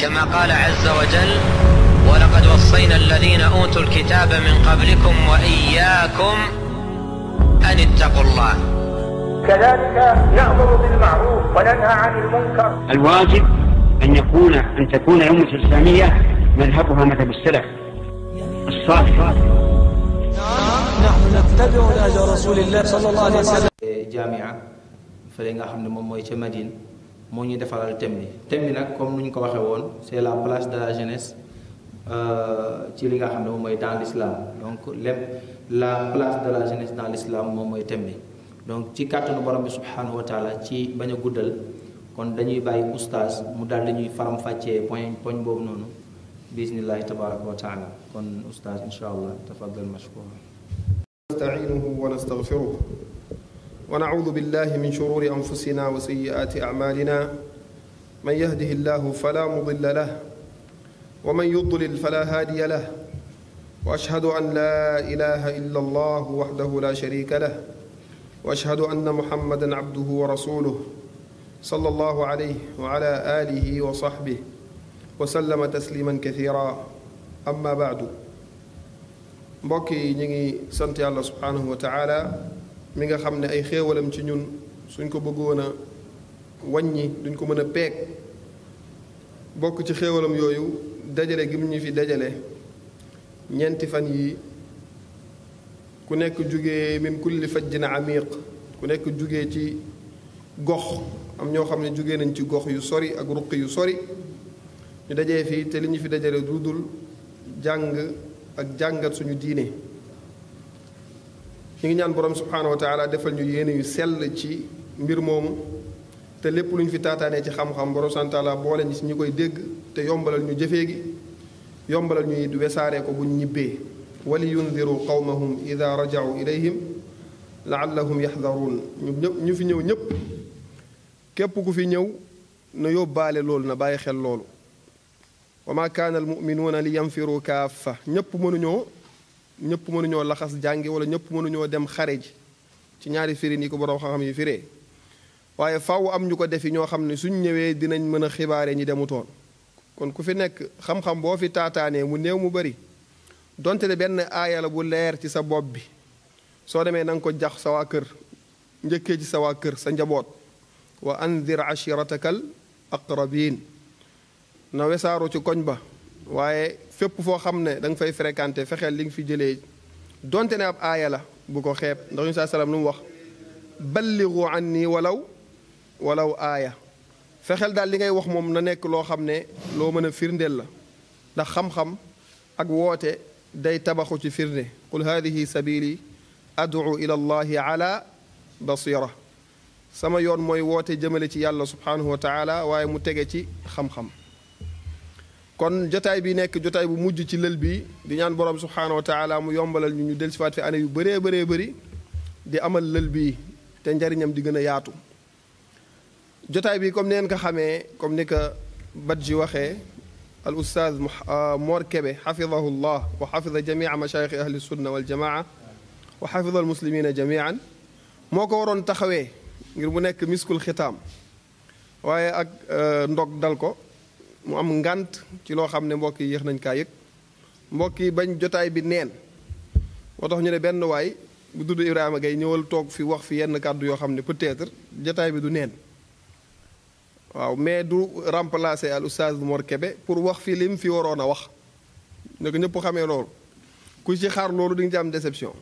كما قال عز وجل ولقد وصينا الذين أوتوا الكتاب من قبلكم وإياكم أن اتقوا الله كذلك نأمر بالمعروف وننهى عن المنكر الواجب أن يكون أن تكون الأمة الإسلامية مذهبها مذهب السلف الصالح نحن نتبع أجر رسول الله صلى الله عليه وسلم جامعة فلنقى حمد مموية مدينة moo ñuy defaral thème bi thème bi nag comme nu ñu ko waxee woon c'est la place de la jeunesse euh, ci li nga xam ne moom mooy dans l'islam donc lépp la place de la jeunesse dans l'islam moom mooy thème bi donc ci kàttanu borom bi subhanahu wa ci bañ a guddal kon dañuy bàyyi oustaz mu daal di ñuy faram fàccee point point boobu noonu bismillahi tabaraka wa kon oustaz insha allah tafadal mashkour nastainuhu wa nastaghfiruh ونعوذ بالله من شرور أنفسنا وسيئات أعمالنا من يهده الله فلا مضل له ومن يضلل فلا هادي له وأشهد أن لا إله إلا الله وحده لا شريك له وأشهد أن محمدا عبده ورسوله صلى الله عليه وعلى آله وصحبه وسلم تسليما كثيرا أما بعد بوكي yi ñu الله سبحانه وتعالى mi nga xam ne ay xéewalam ci ñun suñ ko bëggoon a wàññi duñ ko mën a peeg bokk ci xéewalam yooyu dajale gi mu ñu fi dajale ñeenti fan yi ku nekk jóge min kulli fajjin amiq ku nekk jóge ci gox am ñoo xam ne jóge nañ ci gox yu sori ak ruq yu sori ñu dajee fii te li ñu fi dajale du jàng ak jàngat suñu diine ñu ngi ñaan borom subhanahu wa taala defal ñu yéene yu sell ci mbir moomu te lépp lu ñu fi taataanee ci xam-xam borom subhanahu wa taala boole ñu si ñu koy dégg te yombalal ñu jëfee gi yombalal ñu it wesaaree ko bu ñu ñibbee wali yundiru qawmahum ida rajau ilayhim laallahum yaxdaruun ñu ñëpp ñu fi ñëw ñëpp képp ku fi ñëw na yóbbaale loolu na bàyyi xel loolu wa ma kaana almuminuuna li yanfiru kaafa ñëpp mënuñoo ñëpp ñoo laxas jàngi wala ñëpp ñoo dem xarej ci ñaari firi ni ko borom xam yi firé waaye faaw am ñu ko defi ñoo xam ne suñ ñëwee dinañ mën a xibaare ñi demutoon kon ku fi nekk xam-xam boo fi taataanee mu néew mu bari donte ne benn aaya la bu leer ci sa bopp bi soo demee na nga ko jax sa waa kër njëkkee ci sa waa kër sa njaboot wa andir ashiratakal aqrabin na wesaaru ci koñ ba waaye fépp foo xam ne da nga fay fréquenté fexeel li nga fi jëlee donte ne ab aaya la bu ko xeeb ndax yunus saa salaam lu mu wax balligu anni walaw walaw aaya fexeel daal li ngay wax moom na nekk loo xam ne loo mën a firndeel la ndax xam-xam ak woote day tabaxu ci firnde qul hadihi sabili adu ila allahi ala basira sama yoon mooy woote jëmale ci yàlla subhanahu wa taala waaye mu tege ci xam-xam kon jotaay bi nekk jotaay bu mujj ci lël bi di ñaan borom subhanahu wa taala mu yombalal ñu ñu del dellusiwaat fi ane yu bëree bëree bëri di amal lël bi te njariñam di gën a yaatu jotaay bi comme neen ko xamee comme ni ko bat ji waxee al ustaz Mor Kebe xafidahu llah wa xafida jamia machaayix ahli sunna wal jamaa wa xafida al muslimina jamian moo ko waroon taxawee ngir mu nekk miskul xitaam waaye ak ndog dal ko mu am ngànt ci loo xam ne mbokk yi yéex nañ kaa yëg mbokk yi bañ jotaay bi neen moo tax ñu ne benn waay bu tudd a gay ñëwal toog fi wax fi yenn kàddu yoo xam ne peut-être jotaay bi du neen waaw mais du remplacer al oustaz Mor Kébé pour wax fi mu fi waroon a wax ne ko xamee loolu ku ci xaar loolu di nga ci am déception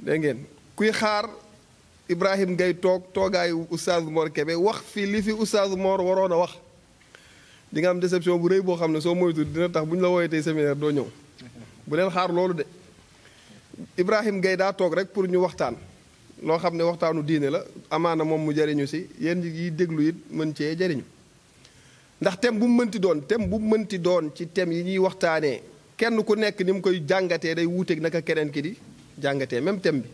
dégg ngeen kuy xaar ibrahim Gaye toog toogaayu oustaz Mor Kébé wax fi li fi oustaz Mor waroon a wax di nga am déception bu rëy boo xam ne soo moytu dina tax bu ñu la wooyee tey séminaire doo ñëw bu leen xaar loolu de Ibrahim Gaye daa toog rek pour ñu waxtaan loo xam ne waxtaanu diine la amaana moom mu jariñu si yéen yi déglu it mën cee jariñu ndax tem bu mu mënti doon thème bu mu mënti doon ci thème yi ñuy waxtaanee kenn ku nekk ni mu koy jàngatee day wuuteeg naka keneen ki di jàngatee même thème bi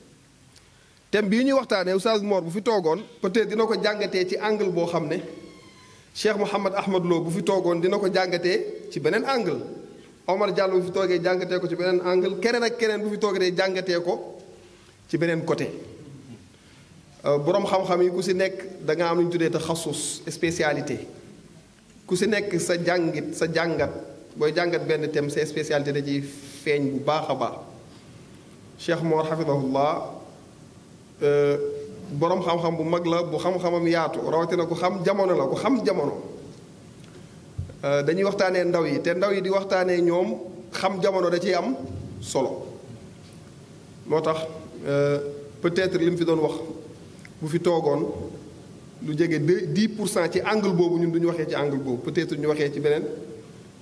thème bii ñuy waxtaanee Oustaz bu fi toogoon peut-être dina ko jàngatee ci angle boo xam ne Cheikh Mouhamad Ahmad bu fi toogoon dina ko jàngatee ci beneen angle Omar Diallo bu fi toogee jàngatee ko ci beneen angle keneen ak keneen bu fi toogee jàngatee ko ci beneen côté euh, borom xam-xam yi ku si nekk da am lu ñu tuddee te xasus spécialité ku si nekk sa jàngit sa jàngat booy jàngat benn thème sa spécialité da ciy feeñ bu baax a baax Cheikh Mor hafidahullah euh, boroom xam-xam bu mag la bu xam-xamam yaatu rawatina ku xam jamono la ku xam jamono euh, dañuy waxtaanee ndaw yi te ndaw yi di waxtaanee ñoom xam jamono da ciy am solo moo tax euh, peut-être li mu fi doon wax bu fi toogoon lu jege deux dix pour cent ci angle boobu ñun du ñu waxee ci angle boobu peut-être ñu waxee ci beneen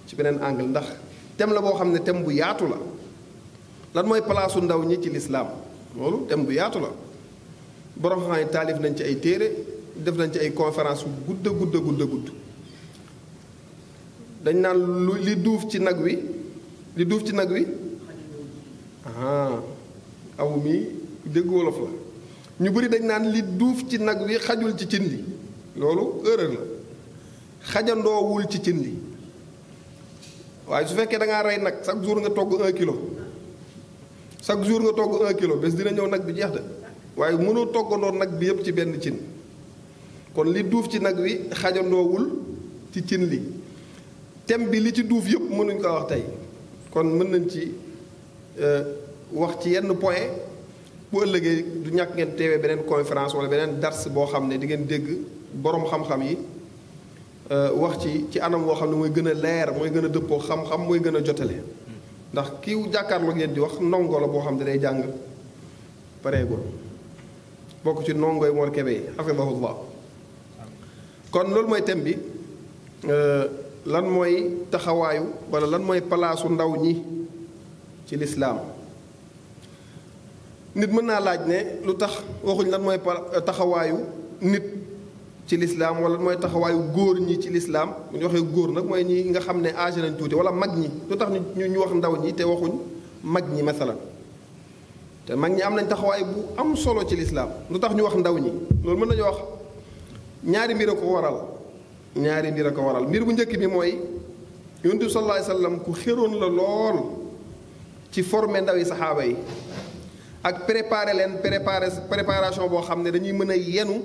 ci beneen angle ndax tem la boo xam ne thème bu yaatu la lan mooy palaasu ndaw ñi ci lislaam loolu thème bu yaatu la. borom xam ne taalif nañ ci ay téere def nañ ci ay conférence gudd gudd gudd gudd dañ naan lu li duuf ci nag wi li duuf ci nag wi ah aw mi dégg wolof la ñu bari dañ naan li duuf ci nag wi xajul ci loolu la ci waaye su fekkee da ngaa rey nag chaque jour nga togg kilo chaque jour nga togg kilo bés dina ñëw nag bi jeex de waaye mënoo toggandoo nag bi yëpp ci benn cin kon li duuf ci nag wi xajandoowul ci cin li thème bi li ci duuf yëpp mënuñ ko wax tey kon mën nañ ci euh, wax ci yenn point bu ëllëgee du ñàkk ngeen teewee beneen conférence wala beneen dars boo xam ne di ngeen dégg boroom xam-xam yi euh, wax ci ci anam woo xam ne mooy gën a leer mooy gën a dëppoo xam-xam mooy gën a jotale ndax kiw jàkkaarloo ngeen di wax ndongo la boo xam ne day jàng pareegul bokk ci nongoy Mor Kébé yi xafidahullah kon loolu mooy thème bi lan mooy taxawaayu wala lan mooy palaasu ndaw ñi ci lislaam nit mën naa laaj ne lu tax waxuñ lan mooy taxawaayu nit ci lislaam wala mooy taxawaayu góor ñi ci lislaam bu ñu waxee góor nag mooy ñi nga xam ne âgé nañ tuuti wala mag ñi lu tax ñu ñu wax ndaw ñi te waxuñ mag ñi masalan te mag ñi am nañ taxawaay bu am solo ci lislaam lu tax ñu wax ndaw ñi loolu mën nañu wax ñaari mbir a ko waral ñaari mbir a ko waral mbir bu njëkk bi mooy yonent bi sallallahu ku xéroon la lool ci former ndawi saxaaba yi ak préparer leen préparer préparation boo xam ne dañuy mën a yenu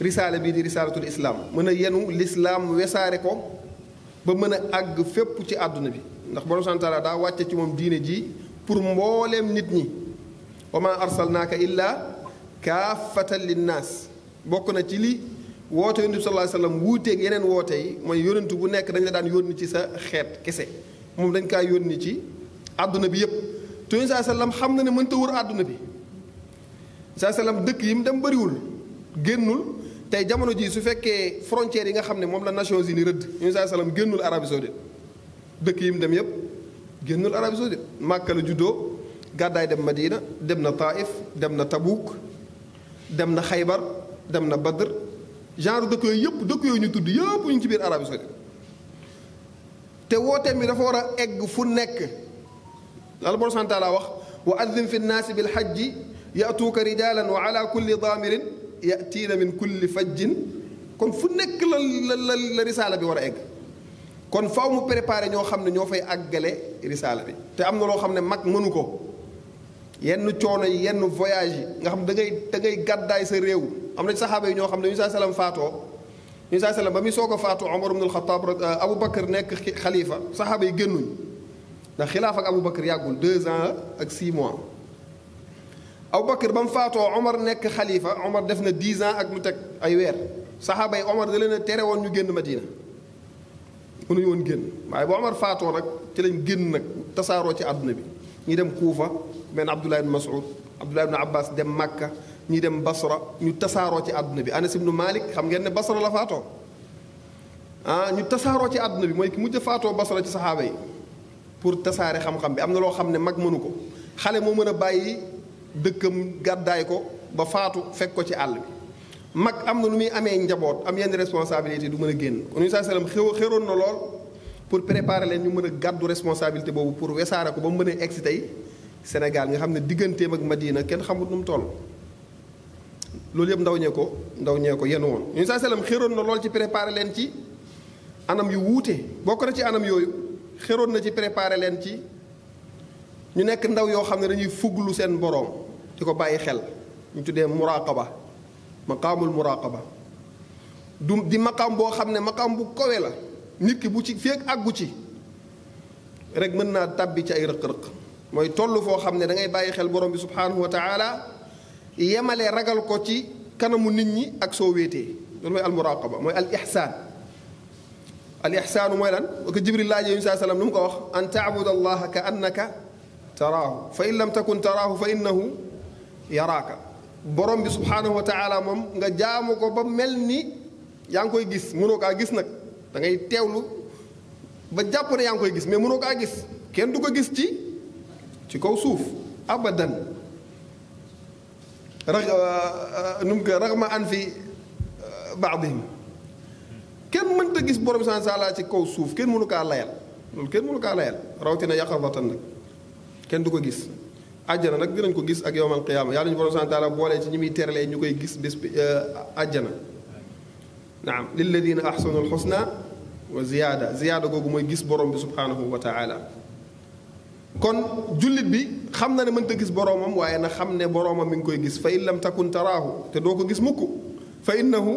risaale bii di risaalatul islaam mën a yenu lislaam wesaare ko ba mën a àgg fépp ci àdduna bi ndax borom santaala daa wàcce ci moom diine ji pour mbollem nit ñi wama arsalnaka illa illaa kaafatan linnaas bokk na ci li wote yunus sallallahu alayhi wasallam wute ak yenen wote yi moy yonentu bu nek dañ la daan yónni ci sa xet kesse mom dañ ka yónni ci aduna bi yep te yonent saa sallam xam na ne mënta wër aduna bi sallallahu alayhi wasallam dëkk yi dem bari wul génnul tay jamono ji su fekke frontière yi nga xamne mom la Nations Unies yunus sallallahu alayhi wasallam génnul Arabie Saoudite dëkk yi dem yep جن العرب سودي ما كل جدو قاعد دا مدينة دمنا طائف دمنا تبوك دمنا خيبر دمنا بدر جارو دك يب دك يو نتود يب وين كبير العرب سودي تقول تمي رفورة إج فنك الله برس أنت على وأذن في الناس بالحج يأتوك رجالا وعلى كل ضامر يأتينا من كل فج كون فنك الرسالة بورا إج kon faaw mu préparé ñoo xam ne ñoo fay àggale risaala bi te am na loo xam ne mag mënu ko yenn coono yi yenn voyage yi nga xam da ngay da ngay gàddaay sa réew am na saxaaba yi ñoo xam ne ñu saa salaam faatoo ñu saa salaam ba muy soog a faatu Omar ibn al-Khattab Abu Bakr nekk xalifa saxaaba yi génnuñ ndax xilaaf ak Abu Bakr yàggul deux ans ak six mois Abu Bakr ba mu faatoo Omar nekk xalifa Omar def na dix ans ak lu teg ay weer saxaaba yi Omar da leen a tere woon ñu génn Madina mënuñu woon génn waaye bu Omar faatoo nag ci lañ génn nag tasaaroo ci àdduna bi ñi dem Kuufa men ne Abdullah ibn Mas'ud Abdullah ibn Abbas dem Makka ñi dem Basra ñu tasaaroo ci àdduna bi Anas ibn Malik xam ngeen ne Basra la faatoo ah ñu tasaaroo ci àdduna bi mooy ki mujj faatoo Basra ci saxaaba yi pour tasaare xam-xam bi am na loo xam ne mag mënu ko xale moo mën a bàyyi dëkkam gàddaay ko ba faatu fekk ko ci àll bi mag am na lu muy amee njaboot am yenn responsabilité du mën a génn kon Musaa salaam xew xeroon na lool pour préparer leen ñu mën a gàddu responsabilité boobu pour wesaara ko ba mu mën a egg tey Sénégal nga xam ne digganteem ak Madina kenn xamut nu mu toll loolu yëpp ndaw ñee ko ndaw ñee ko yenn woon Musaa salaam xeroon na lool ci préparer leen ci anam yu wuute bokk na ci anam yooyu xeroon na ci préparer leen ci ñu nekk ndaw yoo xam ne dañuy fuglu seen borom di ko bàyyi xel ñu tuddee muraqaba مقام المراقبة دم دي مقام بو خامن مقام بو كوي لا نيت كي بو تي فيك اغو تي رك مننا تابي تي اي رق رق موي باي خيل بروم بي سبحانه وتعالى يمالي رغال كو تي كانمو نيت ني ويتي دول المراقبه موي الاحسان الاحسان موي لان جبريل الله عليه وسلم نم كو ان تعبد الله كانك تراه فان لم تكن تراه فانه يراك borom bi subhaanahu wa taala moom nga jaamu ko ba mel ni yaa ngi koy gis mënoo kaa gis nag dangay ngay teewlu ba jàpp ne yaa ngi koy gis mais mënoo kaa gis kenn du ko gis ci ci kaw suuf abadan rax euh, euh, nu mu ko raxma an fi euh, baadihim kenn mënta gis borom san sala ci kaw suuf kenn mënu kaa layal loolu kenn mënu kaa layal rawatina yàqabatan nag kenn du ko gis àjjana nak dinañ ko gis ak yowmal qiyaama yàlla ñu borom sant taala boole ci ñi muy teralee ñu gis bés bi àjjana naam ladina ahsanu al husna wa ziyada ziyada gogu moy gis borom bi subhanahu wa taala kon julit bi xam na ne ta gis boromam waaye na xam ne boromam mi ngi koy gis fa in lam takun taraahu te doo ko gis mukk fa innahu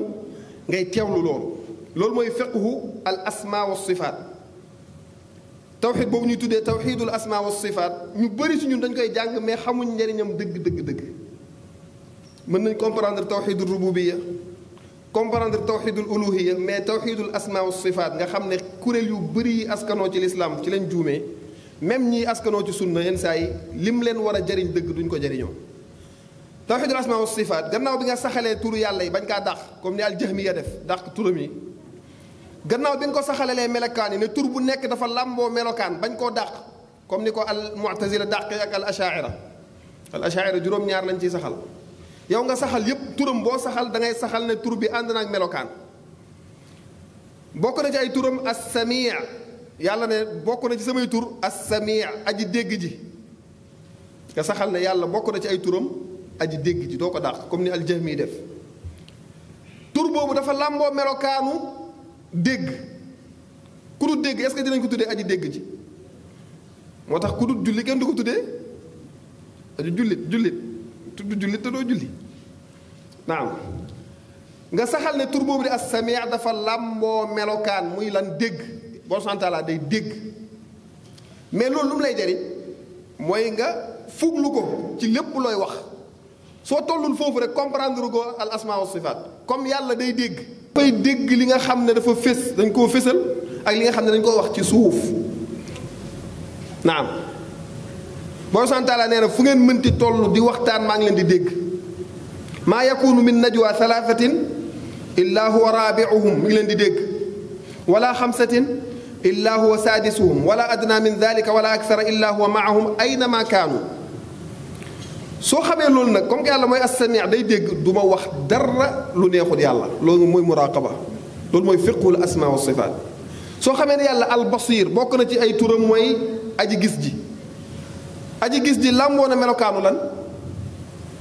ngay teewlu loolu loolu mooy fiqhu al asma wa sifat توحيد بوب ني تودي توحيد الاسماء والصفات ني بري سي ني دنج كاي جانغ مي خامو ني نيام دغ دغ دغ من ناي كومبراندر توحيد الربوبيه كومبراندر توحيد الالوهيه مي توحيد الاسماء والصفات nga xamne kurel yu bari askano ci l'islam ci lañ djoumé même ñi askano ci sunna yeen say lim leen wara jariñ deug duñ ko jariñu توحيد الاسماء والصفات غناو بيغا ساخالي تورو يالله بانكا داخ كوم ني الجهميه داخ تورو مي gannaaw bi nga ko saxalalee melokaan yi ne tur bu nekk dafa làmboo melokaan bañ koo dàq comme ni ko al mu'tazila dàqee ak al ashaira al ashaira juróom-ñaar lañ ciy saxal yow nga saxal yépp turam boo saxal da ngay saxal ne tur bi ànd na melokaan bokk na ci ay turam as-sami' yàlla ne bokk na ci samay tur as-sami' aji dégg ji nga saxal ne yàlla bokk na ci ay turam aji dégg ji doo ko dàq comme ni al jahmi def tur boobu dafa làmboo melokaanu dégg ku dégg est-ce que dinañ ko tuddee aji dégg ji moo tax ku dul julli kenn du ko tuddee aji jullit jullit tudd jullit te doo julli naam nga saxal ne tur boobu di as samia dafa làmboo melokaan muy lan dégg boo santaala day dégg mais loolu lu mu lay jariñ mooy nga fuglu ko ci lépp looy wax soo tollul foofu rek comprendre ko al asma wa sifaat comme yàlla day dégg koy dégg li nga xam ne dafa fés dañ koo fésal ak li nga xam ne dañ koo wax ci suuf naam boo santaala nee na fu ngeen mënti toll di waxtaan maa ngi leen di dégg maa yakunu min najwa thalathatin illa huwa rabiuhum mi ngi leen di dégg wala xamsatin illa huwa sadisuhum wala adna min dalika wala aksara illa huwa maahum aynama kaanu so xamee loolu nag comme que yàlla mooy assamia day dégg du ma wax dara lu neexul yàlla loolu mooy muraqaba loolu mooy fiqhul asma wa sifat soo xamee ne yàlla basir bokk na ci ay turam mooy aji gis ji aji gis ji làmboo na melokaanu lan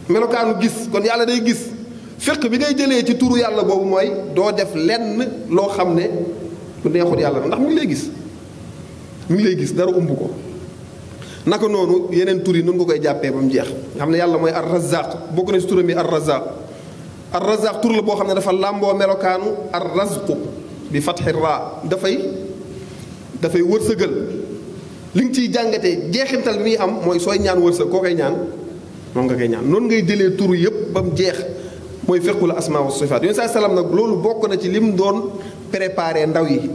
melokaanu gis kon yàlla day gis fiq bi ngay jëlee ci turu yàlla boobu mooy doo def lenn loo xam ne lu neexul yàlla ndax mu ngi lay gis mu ngi lay gis dara umb ko naka nonu yenen turi nun ko koy jappé bam jeex xamna yàlla moy ar razzaq bokku na ci turam yi ar razzaq ar razzaq tur la boo xam dafa lambo melokanu ar razq bi fatxi ra da fay da fay wërsëgal li ngi ciy jangate jeexintal mi am moy soy ñaan wërsëg ko koy ñaan moom nga koy ñaan non ngay jëlee turu yëpp bam jeex moy fiqul asma wa sifat yunus sallam nak lolu bokku na ci lim doon préparer ndaw yi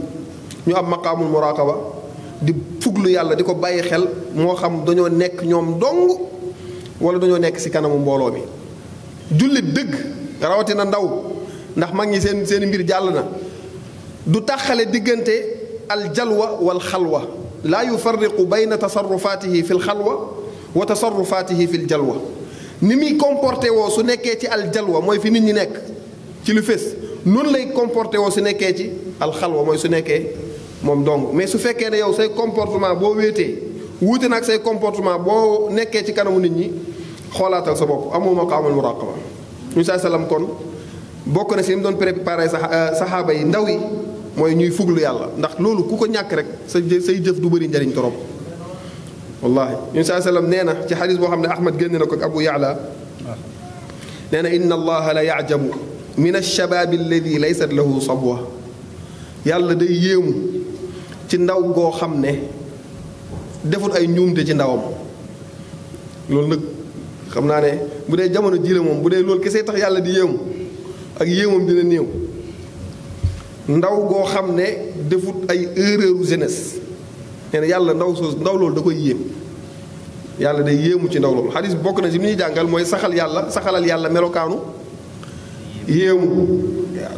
ñu am maqamul muraqaba di fuglu yàlla di ko bàyyi xel moo xam dañoo nekk ñoom dong wala dañoo nekk si kanamu mbooloo mi jullit dëgg rawatina ndaw ndax mag ñi seen seen mbir jàll na du taxale diggante al jalwa wal xalwa laa yufarriqu bayna tasarrufaatihi fi l wa tasarrufaatihi fi l jalwa ni muy comporté woo su nekkee ci al jalwa mooy fi nit ñi nekk ci lu fés noonu lay comporté woo su nekkee ci al xalwa mooy su nekkee mom dong mais su fekkee ne yow say comportement boo wéetee wuute nag say comportement boo nekkee ci kanamu nit ñi xoolaatal sa bopp amoo maqaamul muraqaba ñu saa salam kon bokk na si lim mu doon préparé sahaba yi ndaw yi mooy ñuy fuglu yàlla ndax loolu ku ko ñàkk rek sa say jëf du bëri njariñ torop wallahi ñu saa salam nee na ci xadis boo xam ne ahmad génn na ko ak abu yaala nee na inna allaha la yajabu min alshabaab alladi laysat lahu sabwa yàlla day yéemu ci ndaw goo xam ne defut ay njuumte ci ndawam loolu nag xam naa ne bu dee jamono jii la moom bu dee loolu kese tax yàlla di yéemu ak yéemam dina néew ndaw goo xam ne defut ay erreur jeunesse nee na yàlla ndaw soos ndaw loolu da koy yéem yàlla day yéemu ci ndaw loolu xadis bokk na ci li ñuy jàngal mooy saxal yàlla saxalal yàlla melokaanu yéemu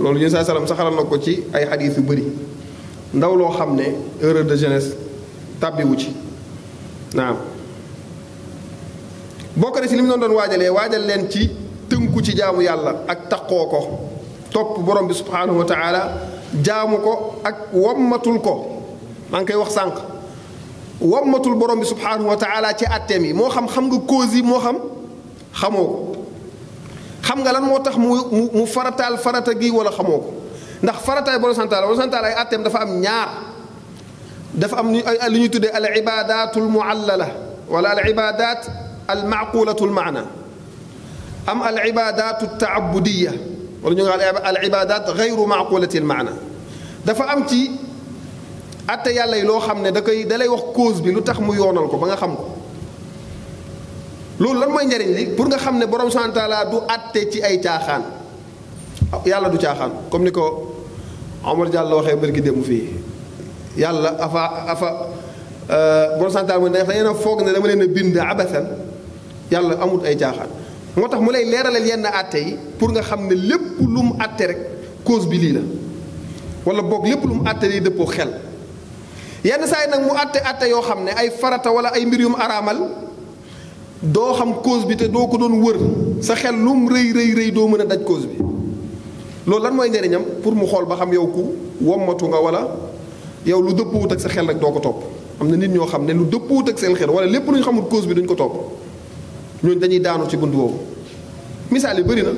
loolu ñu saa salaam saxalal na ko ci ay xadis yu bari ndaw lo xamne erreur de jeunesse tabbi wu ci naam bokk ci lim non don doon doon len ci teunku ci jaamu yàlla ak taqoo ko topp borom bi subhanahu wa taala jaamu ko ak wammatul ko maa kay wax sank wammatul borom bi subhanahu wa taala ci atemi mo xam xam nga cause yi moo xam xamoko xam nga lan motax mu mu farataal farata gi wala xamoko ndax farataay borom santaala borom santaala ay atteem dafa am ñaar dafa am lu ñuy tuddee al ibadatul muallala wala al ibadat al macqulatul maana am al ibadatu taabudiya wala ñu nga al ibadat gayru macqulatil maana dafa am ci atte yàlla yi loo xam ne da koy da lay wax cause bi lu tax mu yoonal ko ba nga xam ko loolu lan mooy njariñ li pour nga xam ne borom santaala du atte ci ay caaxaan yàlla du caaxaan comme ni ko Omar Diallo waxee bërki démb fii yàlla afa afa euh, bon santaane mooy da ngeen a foog ne dama leen a bind abasan yàlla amut ay caaxaan moo tax mu lay leeralal yenn àtte yi pour nga xam ne lépp lu mu àtte rek cause bi lii la wala boog lépp lu mu àtte lii dëppoo xel yenn saa yi nag mu àtte àtte yoo xam ne ay farata wala ay mbir yu mu araamal doo xam cause bi te doo ko doon wër sa xel lu mu rëy rëy rëy doo mën a daj cause bi. loolu lan mooy njëriñam pour mu xool ba xam yow ku wommatu nga wala yow lu dëppoowut ak sa xel rek doo ko topp am na nit ñoo xam ne lu dëppoowut ak seen xel wala lépp lu ñu xamul cause bi duñ ko topp ñooñu dañuy daanu ci bunt boobu. misaal yi bëri na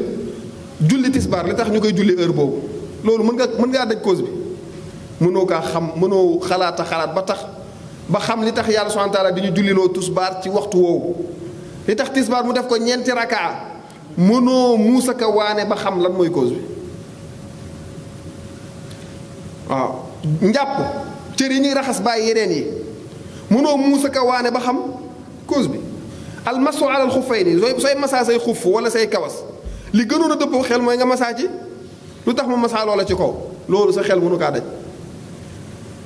julli tisbaar li tax ñu koy julli heure boobu loolu mën nga mën ngaa daj cause bi mënoo kaa xam mënoo xalaata xalaat ba tax ba xam li tax yàlla subhaanahu wa taala di ñu julliloo tisbaar ci waxtu woowu li tax mu def ko ñeenti rakaa mënoo muusaka waane ba xam lan mooy cause bi. waaw njàpp cër yi ñuy raxas bàyyi yeneen yi mënoo muus ak a waane ba xam cause bi almasu alal xuffay nii sooy sooy masaa say xuff wala say kawas li gënoon a dëppoo xel mooy nga masaa ci lu tax ma masaa loola ci kaw loolu sa xel mënu kaa daj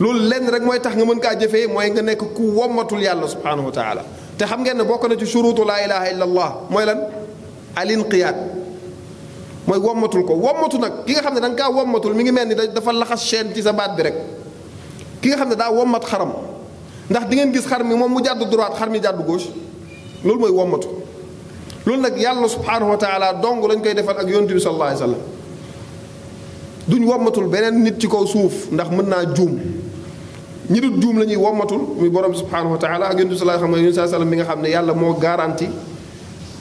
loolu lenn rek mooy tax nga mën kaa jëfee mooy nga nekk ku wommatul yàlla subhanahu wa taala te xam ngeen ne bokk na ci shuruutu laa ilaha illa allah mooy lan al moy wommatul ko wommatu nak ki nga xamne dang ka nga mi ngi melni ni dafa laxas chaîne ci sa baat bi rek ki nga xamne da daa xaram ndax di ngeen gis xar mi moom mu jàdd droit xar mi jàdd gauche loolu moy wommatu loolu nak yàlla subhanahu wa taala dong lañ koy defal ak yontu bi sallallahu alayhi wasallam duñ wommatul benen nit ci kaw suuf ndax mën na joom ñi du joom lañuy ñuy muy borom subhanahu wa taala ak yontu sallallahu alayhi wasallam mi nga xamne yàlla mo garantie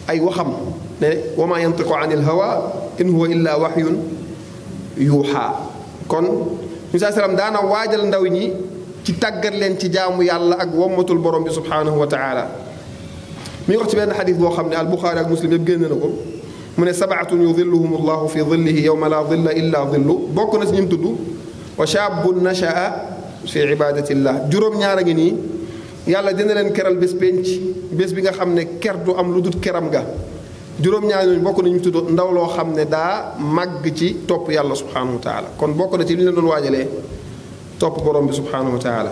ay waxam ne wa maa yantiqu anil hawa in huwa illa waxyun yuuxaa kon ñu saa salaam daana waajal ndaw ñi ci tàggat leen ci jaamu yàlla ak wommatul borom bi subhaanahu wa taala mi ngi wax ci benn xadis boo xam ne albuxaari ak muslim yëpp génn na ko mu ne sabaatun yudilluhum allahu fi dillihi yowma la dilla illa dillu bokk na si ñum tudd wa shaabun nashaa fi ibadatillah juróom-ñaar a ngi nii yàlla dina leen keral bés pénc bés bi nga xam ne ker du am lu dul keram ga juróom-ñaar ñooñu bokk nañu tudd ndaw loo xam ne daa màgg ci topp yàlla subhaanahu wa taala kon bokk na ci li ñu doon waajalee topp borom bi subhaanahu wa taala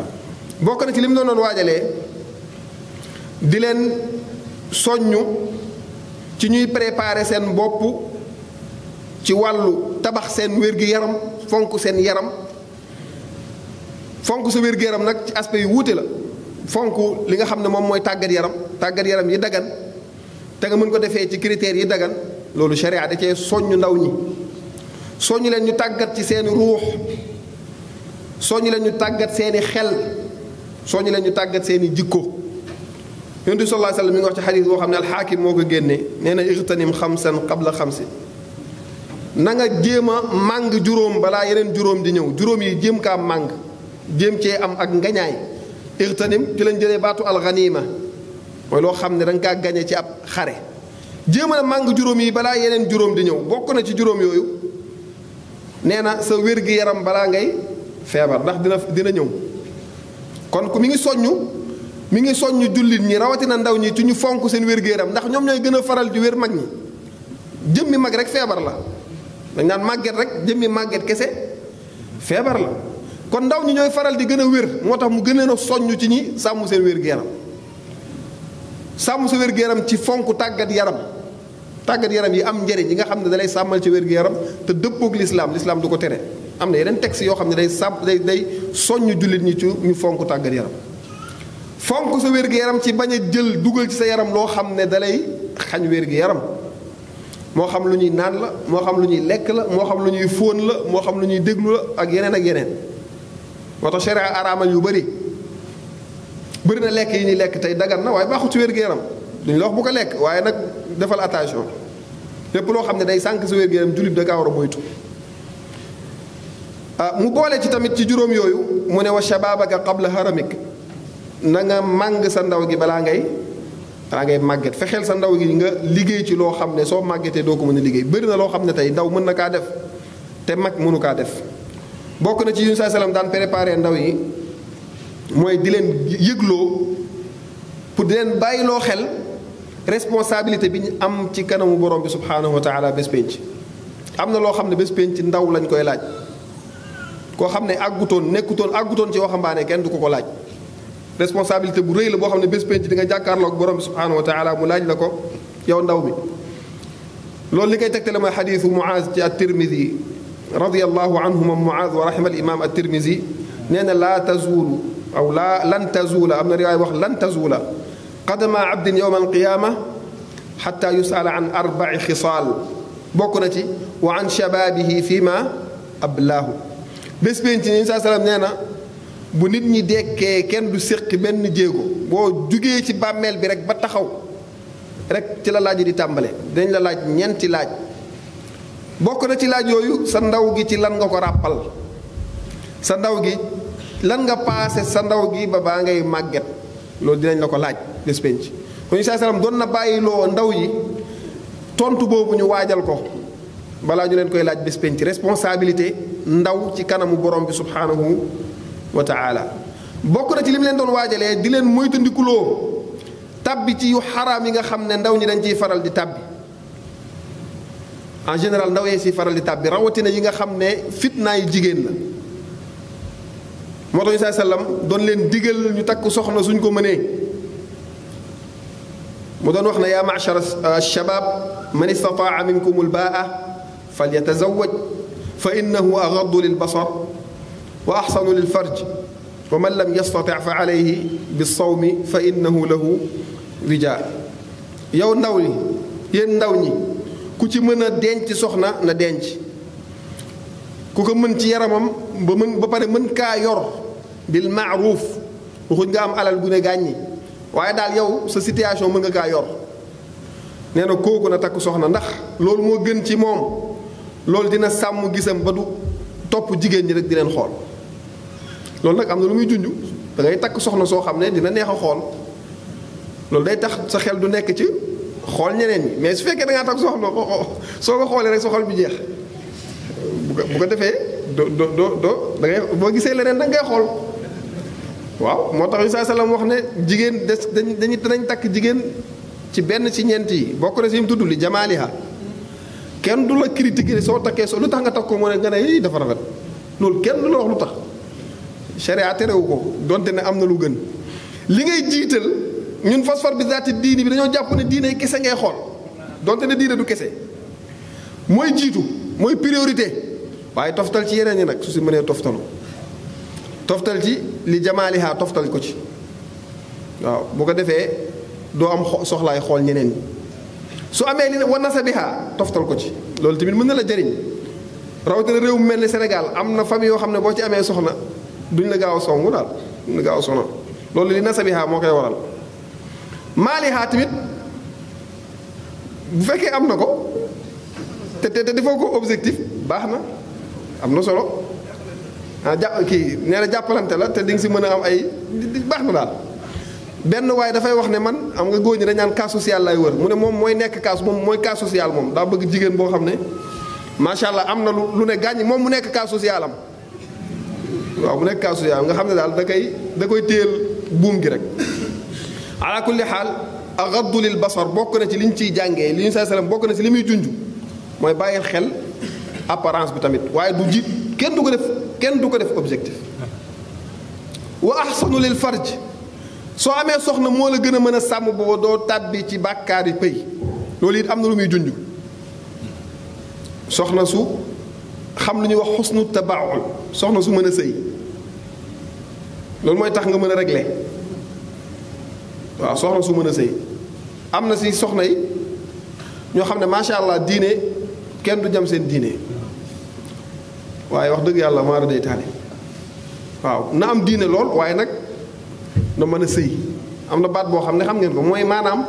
bokk na ci li mu doon waajalee di leen soññu ci ñuy prépare seen bopp ci wàllu tabax seen wér-gi-yaram fonk seen yaram fonk sa wér-gi-yaram nag ci aspect yu wuute la fonk li nga xam ne moom mooy tàggat yaram tàggat yaram yi daggan te nga mën ko defee ci critères yi dagan loolu sharia da cee soññ ndaw ñi soññ leen ñu tàggat ci seeni ruux soññ leen ñu tàggat seeni xel soññ leen ñu tàggat seeni jikko yonent bi sallallahu alayhi wasallam mi ngi wax ci xadis boo xam ne alxaakim moo ko génnee nee na ixtanim xamsan qabla xamsin na nga jéem a màng juróom balaa yeneen juróom di ñëw juróom yi jéem kaa màng jéem cee am ak ngañaay ixtanim ci lañ jëlee baatu alxanima mooy loo xam ne da nga kaa gañe ci ab xare jéemal a màng juróom yi balaa yeneen juróom di ñëw bokk na ci juróom yooyu nee na sa wér-gi-yaram balaa ngay feebar ndax dina dina ñëw kon ku mu ngi soññ mu ngi soññ jullit ñi rawatina ndaw ñi ci ñu fonk seen wér-gi-yaram ndax ñoom ñooy gën a faral di wér mag ñi jëmmi mag rek feebar la dañ naan màgget rek jëmmi màgget kese feebar la kon ndaw ñi ñooy faral di gën a wér moo tax mu gën leen a soññ ci ñi sàmm seen wér-gi-yaram sàmm sa wér-gu-yaram ci fonk tàggat yaram tàggat yaram yi am njëriñ yi nga xam ne dalay sàmmal ci wér-gu-yaram te dëppoog lislaam lislaam du ko tere am na yeneen texte yoo xam ne day sàmm day day soññ jullit ñi ci ñu fonk tàggat yaram fonk sa wér-gu-yaram ci bañ a jël dugal ci sa yaram loo xam ne dalay xañ wér gi yaram moo xam lu ñuy naan la moo xam lu ñuy lekk la moo xam lu ñuy fóon la moo xam lu ñuy déglu la ak yeneen ak yeneen moo tax sharia araamal yu bari bari na lekk yi ñuy lekk tey dagan na waaye baaxul ci wér-gu-yaram duñu la bu ko lekk waaye nag defal attention lépp loo xam ne day sànq sa wér-gu-yaram jullit da kaa war a moytu ah, mu boole ci tamit ci juróom yooyu mu ne wax wa shababaka qabla haramik na nga màng sa ndaw gi balaa ngay balaa ngay màgget fexeel sa ndaw gi nga liggéey ci loo xam ne soo màggetee doo ko mën a liggéey bari na loo xam ne tey ndaw mën na kaa def te mag mënu kaa def bokk na ci yu saa salaam daan préparé yi moy di len yeglo pour di len bayilo xel responsabilité biñ am ci kanamu borom bi subhanahu wa taala bés penc amna lo xamne bés penc ndaw lañ koy laaj ko xamne ne àggutoon nekkutoon àggutoon ci waxambaane ken du ko ko laaj responsabilité bu reuy la bo xamne bés penc di nga ak borom subhanahu wa taala mu laaj lako yow ndaw bi lol li kay tektale moy hadith muaz ci at tirmidhi radiyallahu anhuma muaz wa rahima al imam at tirmidhi nee la laa aw laa lan la am na riwaay wax lan la qadama abdin yowma alqiyaama xataa yusala an arbaci xisaal bokk na ci wa an shabaabihi fi ma ablaahu bés penc ni saa salaam nee na bu nit ñi dekkee kenn du séqi benn jéego boo jugee ci bàmmeel bi rek ba taxaw rek ci la laaj yi di tàmbale dañ la laaj ñeenti laaj bokk na ci laaj yooyu sa ndaw gi ci lan nga ko ràppal sa ndaw gi lan nga paase sa ndaw gi ba baa ngay màgget loolu dinañ la ko laaj des penc kon Isa salaam doon na bàyyiloo ndaw yi tontu boobu ñu waajal ko balaa ñu leen koy laaj des penc responsabilité ndaw ci kanamu borom bi subhaanahu wa taala bokk na ci li mu leen doon waajalee di leen moytandikuloo tàbbi ci yu xaraam yi nga xam ne ndaw ñi dañ ciy faral di tàbbi en général ndaw yee ciy faral di tàbbi rawatina yi nga xam ne fitnaay jigéen la. moo tax Isaa sallam doon leen digal ñu takk soxna suñ ko mënee mu doon wax ne yaa machar alshabab man istataa minkum albaa falyatazawaj fa innahu agadu lilbasar wa axsanu lilfarj wa man lam yastatic fa alayhi bisawmi fa innahu lahu wijaa yow ndaw li yéen ndaw ñi ku ci mën a denc soxna na denc ku ko mën ci yaramam ba mën ba pare mën kaa yor bil ma'ruf waxuñ nga am alal gune gañi waye dal yow sa situation mën nga ka yor neena koku na tak soxna ndax loolu mo gën ci mom loolu dina sàmm gisam ba du top jigen ni rek di len xol loolu nak amna lu muy junj da ngay tak soxna so xamne dina neex xol xool day tax sa xel du nek ci xol ñeneen mais su fekke da nga tak soxna oh, oh, so nga xoolee rek so xol bi jeex bu ko defé do do do da ngay bo gisee leneen da ngay xol waaw moo tax Isa Salaam wax ne jigéen des dañuy danañ takk jigéen ci benn ci ñeent yi bokk na si mu tudd li jamaaliha kenn du la critiquer soo takkee soo lu tax nga takk ko moo ne nga ne yii dafa loolu kenn du la wax lu tax sharia terewu ko donte ne am na lu gën li ngay jiital ñun fasfar bi zaati diini bi dañoo jàpp ne diine kese ngay xool donte ne diine du kese mooy jiitu mooy priorité waaye toftal ci yeneen yi nag su si mënee toftalu toftal ci. li jamaaliha toftal ko ci waaw bu ko defee doo am soxlaay xool ñeneen ñi su amee li wa nasabiha toftal ko ci loolu tamit mën na la jëriñ rawatina réew mu mel ni Sénégal am na famille yoo xam ne boo ci amee soxna duñ la gaaw a songu laal duñ la gaaw a soxna loolu li nasabiha moo koy waral maaliha tamit bu fekkee am na ko te te defoo ko objectif baax na am na solo ah jàpp kii nee na jàppalante la te di nga si mën a am ay baax na daal benn waaye dafay wax ne man am nga góor ñi dañ naan cas social lay wër mu ne moom mooy nekk cas moom mooy cas social moom daa bëgg jigéen boo xam ne macha allah am na lu lu ne gàññ moom mu nekk cas social am waaw mu nekk cas social nga xam ne daal da koy da koy téyel buum gi rek ala kulli xaal agaddu lil basar bokk na ci li ñu ciy jàngee li ñu saa salaam bokk na ci li muy junj mooy bàyyil xel apparence bi tamit waaye du ji kenn du ko def كين دوكو ديف اوبجيكتيف واحسن للفرج سو امي سخنا مولا غنا مانا سام بو دو تابي تي بكار بي لولي ام نلو مي جونجو سخنا سو خام لو ني واخ حسن التباعد سخنا سو مانا سي لول موي تاخ nga مانا ريغلي وا سخنا سو مانا سي امنا سي سخنا ño xamne ma sha allah diine kenn du jam sen diine mm -hmm. waaye wax dëgg yàlla maara day taali waaw na am diine lool waaye nag na mën a sëy am na baat boo xam ne xam ngeen ko mooy maanaam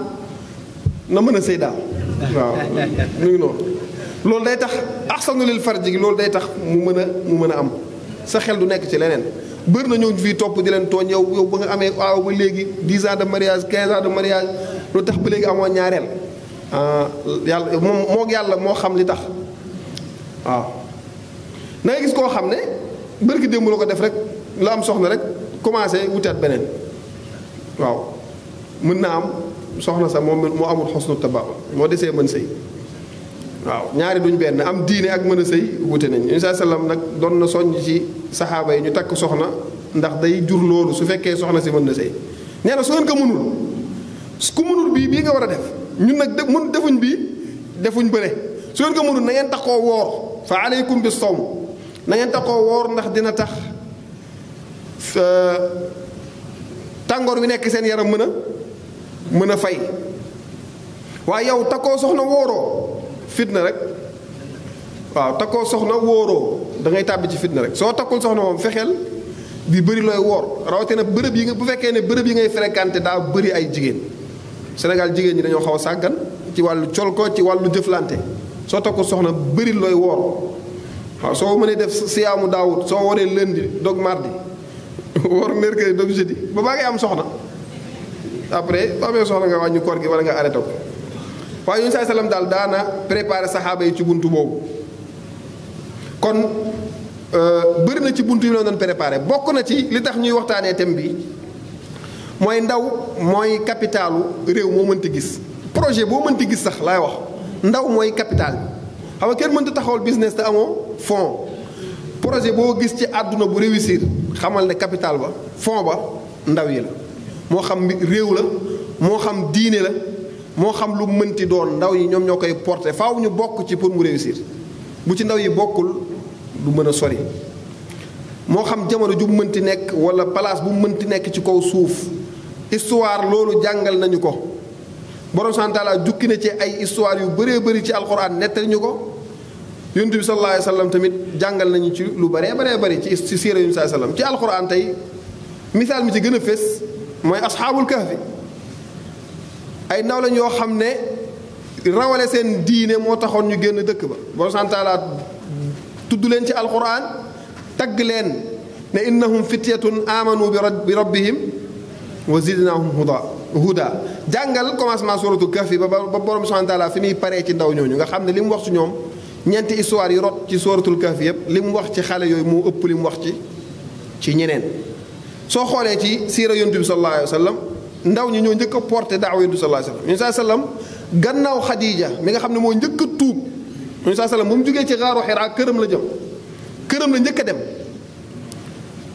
na mën a sëy daal waaw mu ngi noonu loolu day tax axsanu lil far jig loolu day tax mu mën a mu mën a am sa xel du nekk ci leneen bëri na ñoo fii topp di leen tooñ yow yow ba nga amee waaw ba léegi 10 ans de mariage 15 ans de mariage lu tax ba léegi amoo ñaareel ah, yàlla moom moog yàlla moo xam li tax waaw da gis koo xam ne bërki démb la ko def rek la am soxna rek commencé wutaat beneen waaw mën naa am soxna sax moom moo amul xosnu tabax moo desee mën sëy waaw ñaari duñ benn am diine ak mën a sëy wute nañ uni saa sallam nag doon na soññ ci saxaaba yi ñu takk soxna ndax day jur loolu su fekkee soxna si mën na sëy nee na su ngeen ko mënul ku mënul bii bii nga war a def ñun nag mën defuñ bii defuñ bële su ngeen ko mënul na ngeen tax koo woor fa aleykum bis sawm nangeen ngeen taxoo woor ndax dina tax euh, tàngoor wi nekk seen yaram mën a mën a fay waaye yow takkoo soxna wóoroo fitna rek waaw takkoo soxna wóoroo dangay ngay tàbbi ci fitna rek soo takkul soxna moom fexeel di bari looy woor rawatina bërëb yi nga bu fekkee ne bërëb yi ngay fréquenté daa bari ay jigéen senegal jigéen ñi dañoo xaw a sàggan ci wàllu colko ci wàllu jëflante soo takkul soxna bari looy woor so soo mënee def siyamu daoud so waree lundi dog mardi war mercredi dog jeudi ba ba ngay am soxna après ba me soxna nga wañu koor gi wala nga arrêté ko wa yunus alayhi wasallam dal dana préparer sahaba yi ci buntu boobu kon euh beurna ci buntu yi la doon préparé bokk na ci li tax ñuy waxtane tem bi moy ndaw moy capitalu rew mo meunti gis projet bo meunti gis sax lay wax ndaw moy capital bi xam nga kenn mënta taxawal business te amoo fonds projet boo gis ci àdduna bu réussir xamal ne capital ba fon ba ndaw yi la moo xam réew la moo xam diine la moo xam lu mënti doon ndaw yi ñoom ñoo koy porté faw ñu bokk ci pour mu réussir bu ci ndaw yi bokkul du mën a sori moo xam jamono ju mënti nekk wala place bu mënti nekk ci kaw suuf histoire loolu jàngal nañu ko borom santaala jukki na ci ay histoire yu bëree bëri ci alxuraan nettali ñu ko yonent bi sallallahu alayhi wa sallam tamit jàngal nañu ci lu baree baree bari ci ci siira yonent sallallahu alayhi wa sallam ci alxuraan tey misaal mi ci gën a fés mooy asxaabul kahfi ay ndaw lañ yoo xam ne rawale seen diine moo taxoon ñu génn dëkk ba borom santaala tudd leen ci alxuraan tagg leen ne innahum fityatun amanu bi rabbihim wa zidnaahum huda huda jàngal commencement suratul kahfi ba ba borom santaala fi muy paree ci ndaw ñooñu nga xam ne li mu wax su ñoom ñeenti histoire yi rot ci suratul kahf yeb li wax ci xale yoy mo upp li wax ci ci ñeneen so xolé ci siira yunus bi sallallahu alayhi wasallam ndaw ñi ñoo ñëk porter porté yunus sallallahu alayhi wasallam yunus sallallahu alayhi wasallam gannaaw khadija mi nga xamne mo ñëk njëkk yunus sallallahu alayhi wasallam bu mu jógee ci gharu hira kërëm la jëm kërëm la ñëk dem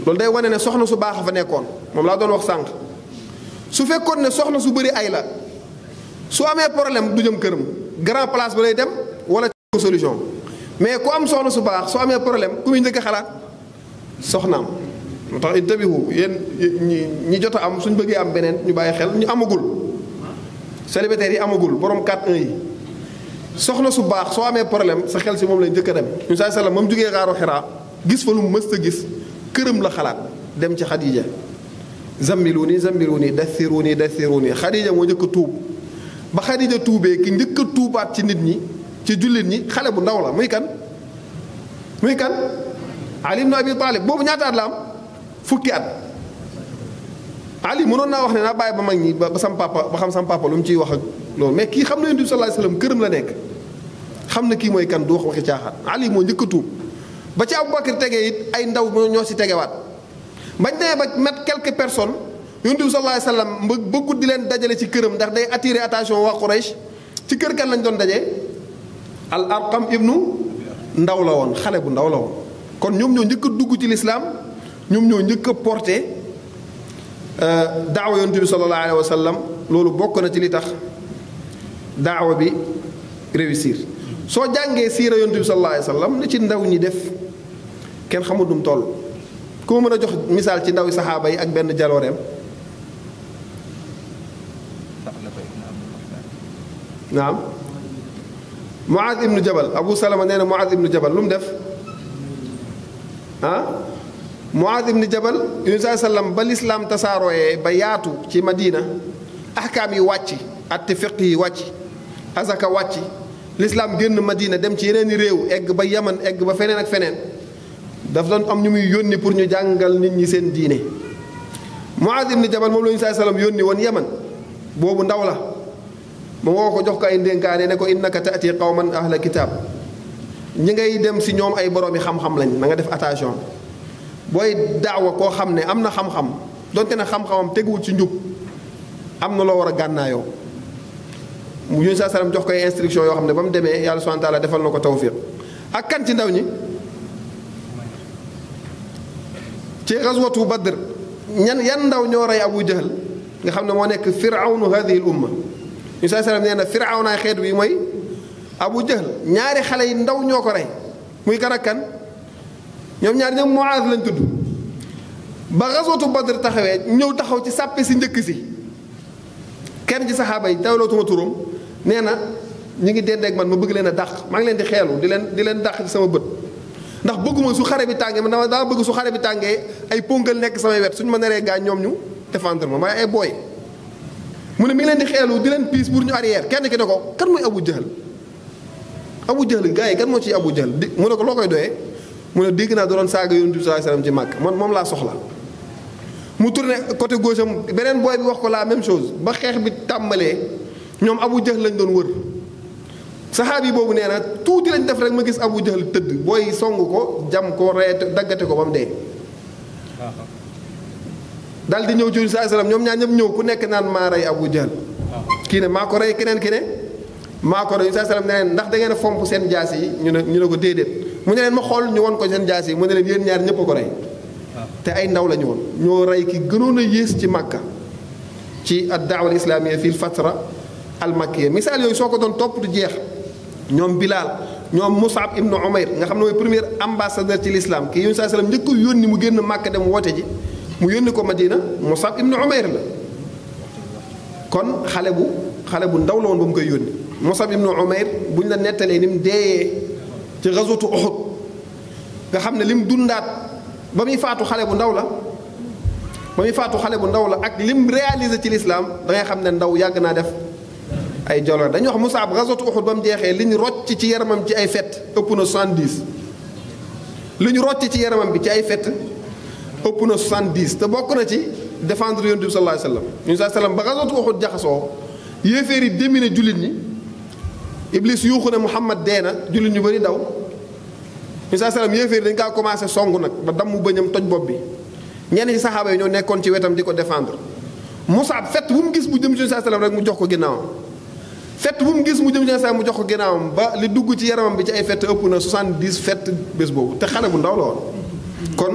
loolu day wone ne soxna su baax fa nekkoon mom la doon wax sank su fekkoon ne soxna su bari ay la su amé problème du jëm kërëm grand place ba lay dem wala solution mais ku am soxna su baax soo amee problème ku muy njëkk xalaat soxnaam moo tax ittabihu yéen ñi ñi jot am suñ bëggee am beneen ñu bàyyi xel ñu amagul célibataire yi amagul boroom 4-1 yi soxna su baax soo amee problème sa xel si moom lay njëkk dem ñu saa sallam moom jógee xaaru xiraa gis fa lu mu a gis këram la xalaat dem ci xadija zammiluuni zammiluuni dathiruuni dathiruuni xadija moo njëkk a tuub ba xadija tuubee ki njëkk a tuubaat ci nit ñi ci jullit ñi xale bu ndaw la muy kan muy kan ali ibnu abi taalib boobu ñaata at la am fukki at ali mënoon naa wax ne naa bàyyi ba mag ñi ba sam ba xam sam papa lu mu ciy wax ak loolu mais kii xam na yonent bi sallallahu alayhi këram la nekk xam na kii mooy kan du wax waxi caaxaan ali moo njëkk a tuub ba ci Abubakar tegee it ay ndaw ñoo si tegewaat bañ demee ba met quelques personnes yonent bi sallallahu alayhi wasallam mbëggut di leen dajale ci këram ndax day attirer attention waa Quraysh ci kër kan lañ doon dajee al arqam ibnu ndaw la woon xale bu ndaw la woon kon ñoom ñoo njëkk a dugg ci lislaam ñoom ñoo njëkk a porté daawa yonent bi sallallahu alayhi wa sallam loolu bokk na ci li tax daawa bi réussir soo jàngee siira yonent bi sallallahu alayhi wa sallam li ci ndaw ñi def kenn xamul dum toll ku ma mën a jox misaal ci ndawi saxaaba yi ak benn jalooreem naam Muaaz ibnu Jabal Abu Salama nee na Muaaz ibnu Jabal lu mu def ah Muaaz ibnu Jabal yonent saa sallam ba lislaam tasaarooyee ba yaatu ci Madina ahkaam yi wàcc atti yi wàcc azaka wàcc lislaam génn Madina dem ci yeneen i réew egg ba Yaman egg ba feneen ak feneen daf doon am ñu muy yónni pour ñu jàngal nit ñi seen diine Muaaz ibnu Jabal moom la yonent saa sallam yónni woon Yaman boobu ndaw la mu woo ko jox ko ay ndénkaane ne ko innaka taati qawman ahla kitaab ñi ngay dem si ñoom ay boroomi xam-xam lañ na nga def attention booy daawa koo xam ne am na xam-xam donte ne xam-xamam teguwul ci njub am na loo war a gànnaayoo mu yun saa salam jox koy instruction yoo xam ne ba mu demee yàlla subhanahu wa taala defal na ko tawfiq ak kan ci ndaw ñi ci ghazwatu badr ñan yan ndaw ñoo rey abu jël nga xam ne moo nekk firawnu hadihi l umma ñu saa salaam nee na naa xeet wi mooy abu jahl ñaari xale yi ndaw ñoo ko rey muy kan ak kan ñoom ñaar ñoom Muaaz lañ tudd ba xasootu Badr taxawee ñëw taxaw ci sàppe si njëkk si kenn ci saxaaba yi tawlootuma turam nee na ñu ngi dendeeg man ma bëgg leen a dàq maa ngi leen di xeelu di leen di leen dàq sama bët ndax bëgguma su xare bi tàngee man dama bëgg su xare bi tàngee ay póngal nekk samay wet suñu ma naree gaañ ñoom ñu défendre ma may ay booy mu ne mi ngi leen di xeelu di leen piis pour ñu arrière kenn ki ne ko kan mooy Abu Jahl Abu Jahl gars yi kan moo ci Abu Jahl di mu ne ko loo koy doyee mu ne digg naa da doon saaga yonent bi sallallahu alayhi wasallam ci màkk man moom laa soxla mu tourné côté gauche beneen booy bi wax ko laa même chose ba xeex bi tàmbalee ñoom Abu Jahl lañ doon wër saxaab yi boobu nee na tuuti lañ def rek ma gis Abu Jahl tëdd booy song ko jam ko reyate daggate ko ba mu dee ah, ah. daal di ñëw ci Yonent saa salaam ñoom ñaar ñëpp ñëw ku nekk naan maa rey Abu Jahl kii ne maa ko rey keneen ki ne maa ko rey Yonent saa salaam ne leen ndax da ngeen a fomp seen jaas yi ñu ne ñu ne ko déedéet mu ne leen ma xool ñu won ko seen jaas yi mu ne leen yéen ñaar ñëpp a ko rey te ay ndaw la ñu woon ñoo rey ki gënoon a yées ci Màkka ci ad-da'wa al-islamiyya fi al-fatra al-makkiyya misaal yooyu soo ko doon topp du jeex ñoom Bilal ñoom Mus'ab ibn Umayr nga xam ne mooy premier ambassadeur ci l'islam kii Yonent saa salaam njëkk ko yónni mu génn Màkka dem woote ji mu yónni ko Madina Musab ibnu Umayr la kon xale bu xale bu ndaw la woon ba mu koy yónni Musab ibnu Umayr bu ñu la nettalee ni mu deeyee ci gazwatu Uhud nga xam ne lim dundaat ba muy faatu xale bu ndaw la ba muy faatu xale bu ndaw la ak lim réalisé ci lislaam da ngay xam ne ndaw yàgg naa def ay jaloor dañuy wax Musab gazwatu Uhud ba mu jeexee li ñu rocc ci yaramam ci ay fett ëpp na 70 li ñu rocc ci yaramam bi ci ay fett ëpp na 70 te bokk na ci défendre yonent bi sallallahu alayhi wa sallam yonent bi sallam ba xasatu waxut jaxasoo yéeféer yi demi na jullit ñi Iblis yuuxu ne Muhammad dee na jullit ñu bëri daw yonent bi sallam yéeféer dañ kaa commencé song nag ba damm bëñam toj bopp bi ñenn ci saxaaba yi ñoo nekkoon ci wetam di ko défendre Musaab fett bu mu gis bu jëm ci yonent bi sallam rek mu jox ko ginnaawam fett bu mu gis mu jëm ci yonent bi sallam mu jox ko ginnaawam ba li dugg ci yaramam bi ci ay fett ëpp na 70 fett bés boobu te xale bu ndaw la woon kon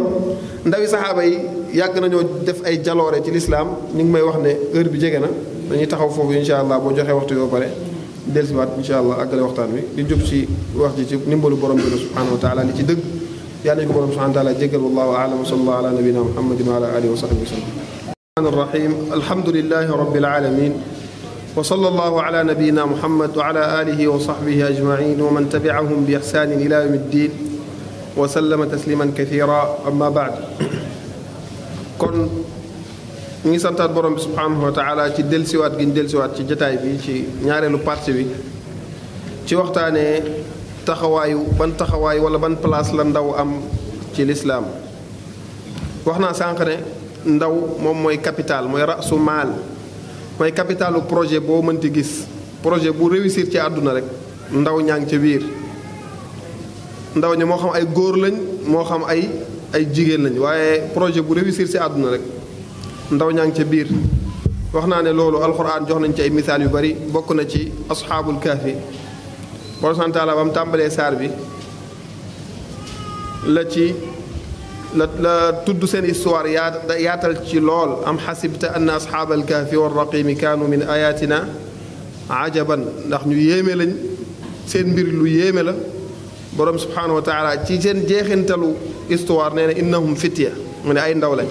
ndawi sahaba yi yag nañu def ay jaloore ci l'islam ñu ngi may wax ne heure bi jege na dañuy taxaw foofu inshallah bo joxe joxee waxtu yoo pare dellusiwaat wat inshallah agale waxtaan wi di jup ci wax ji ci nimbalu borom bi subhanahu wa taala li ci deug yàlla ñu borom subhanahu wa taala jegal wallahu a'lam wa sallallahu ala nabina muhammadin wa ala alihi wa sahbihi sallam الرحمن الرحيم الحمد لله رب العالمين وصلى الله على نبينا محمد وعلى آله وصحبه أجمعين ومن تبعهم بإحسان إلى يوم الدين وسلم تسليما كثيرا أما بعد kon ñu ngi santaat borom bi subhanahu wa taala ci delsiwaat gi ñu delsiwaat ci jataay bi ci ñaareelu parti bi ci waxtaanee taxawaayu ban taxawaay wala ban place la ndaw am ci lislaam wax naa sànq ne ndaw moom mooy capital mooy rasu maal mooy capitalu projet boo mënti gis projet bu réussir ci àdduna rek ndaw ñaa ngi ca biir ndaw ñi mo xam ay góor lañ mo xam ay ay jigéen lañ waye projet bu réussir ci aduna rek ndaw ñang ci bir waxna ne lolu alxuraan jox nañ ci ay misal yu bari bokku na ci ashabul kaafi borom sant taala ba mu tàmbalee bi la ci la la tudd seen histoire ya yaatal ci lol am hasibta anna ashabal asxaabal war raqim kanu min ayatina ajaban ndax ñu yéme lañ sen mbir lu yéme la borom subhanahu wa taala ci seen jeexintalu histoire nee na innahum fitya mu ne ay ndaw lañ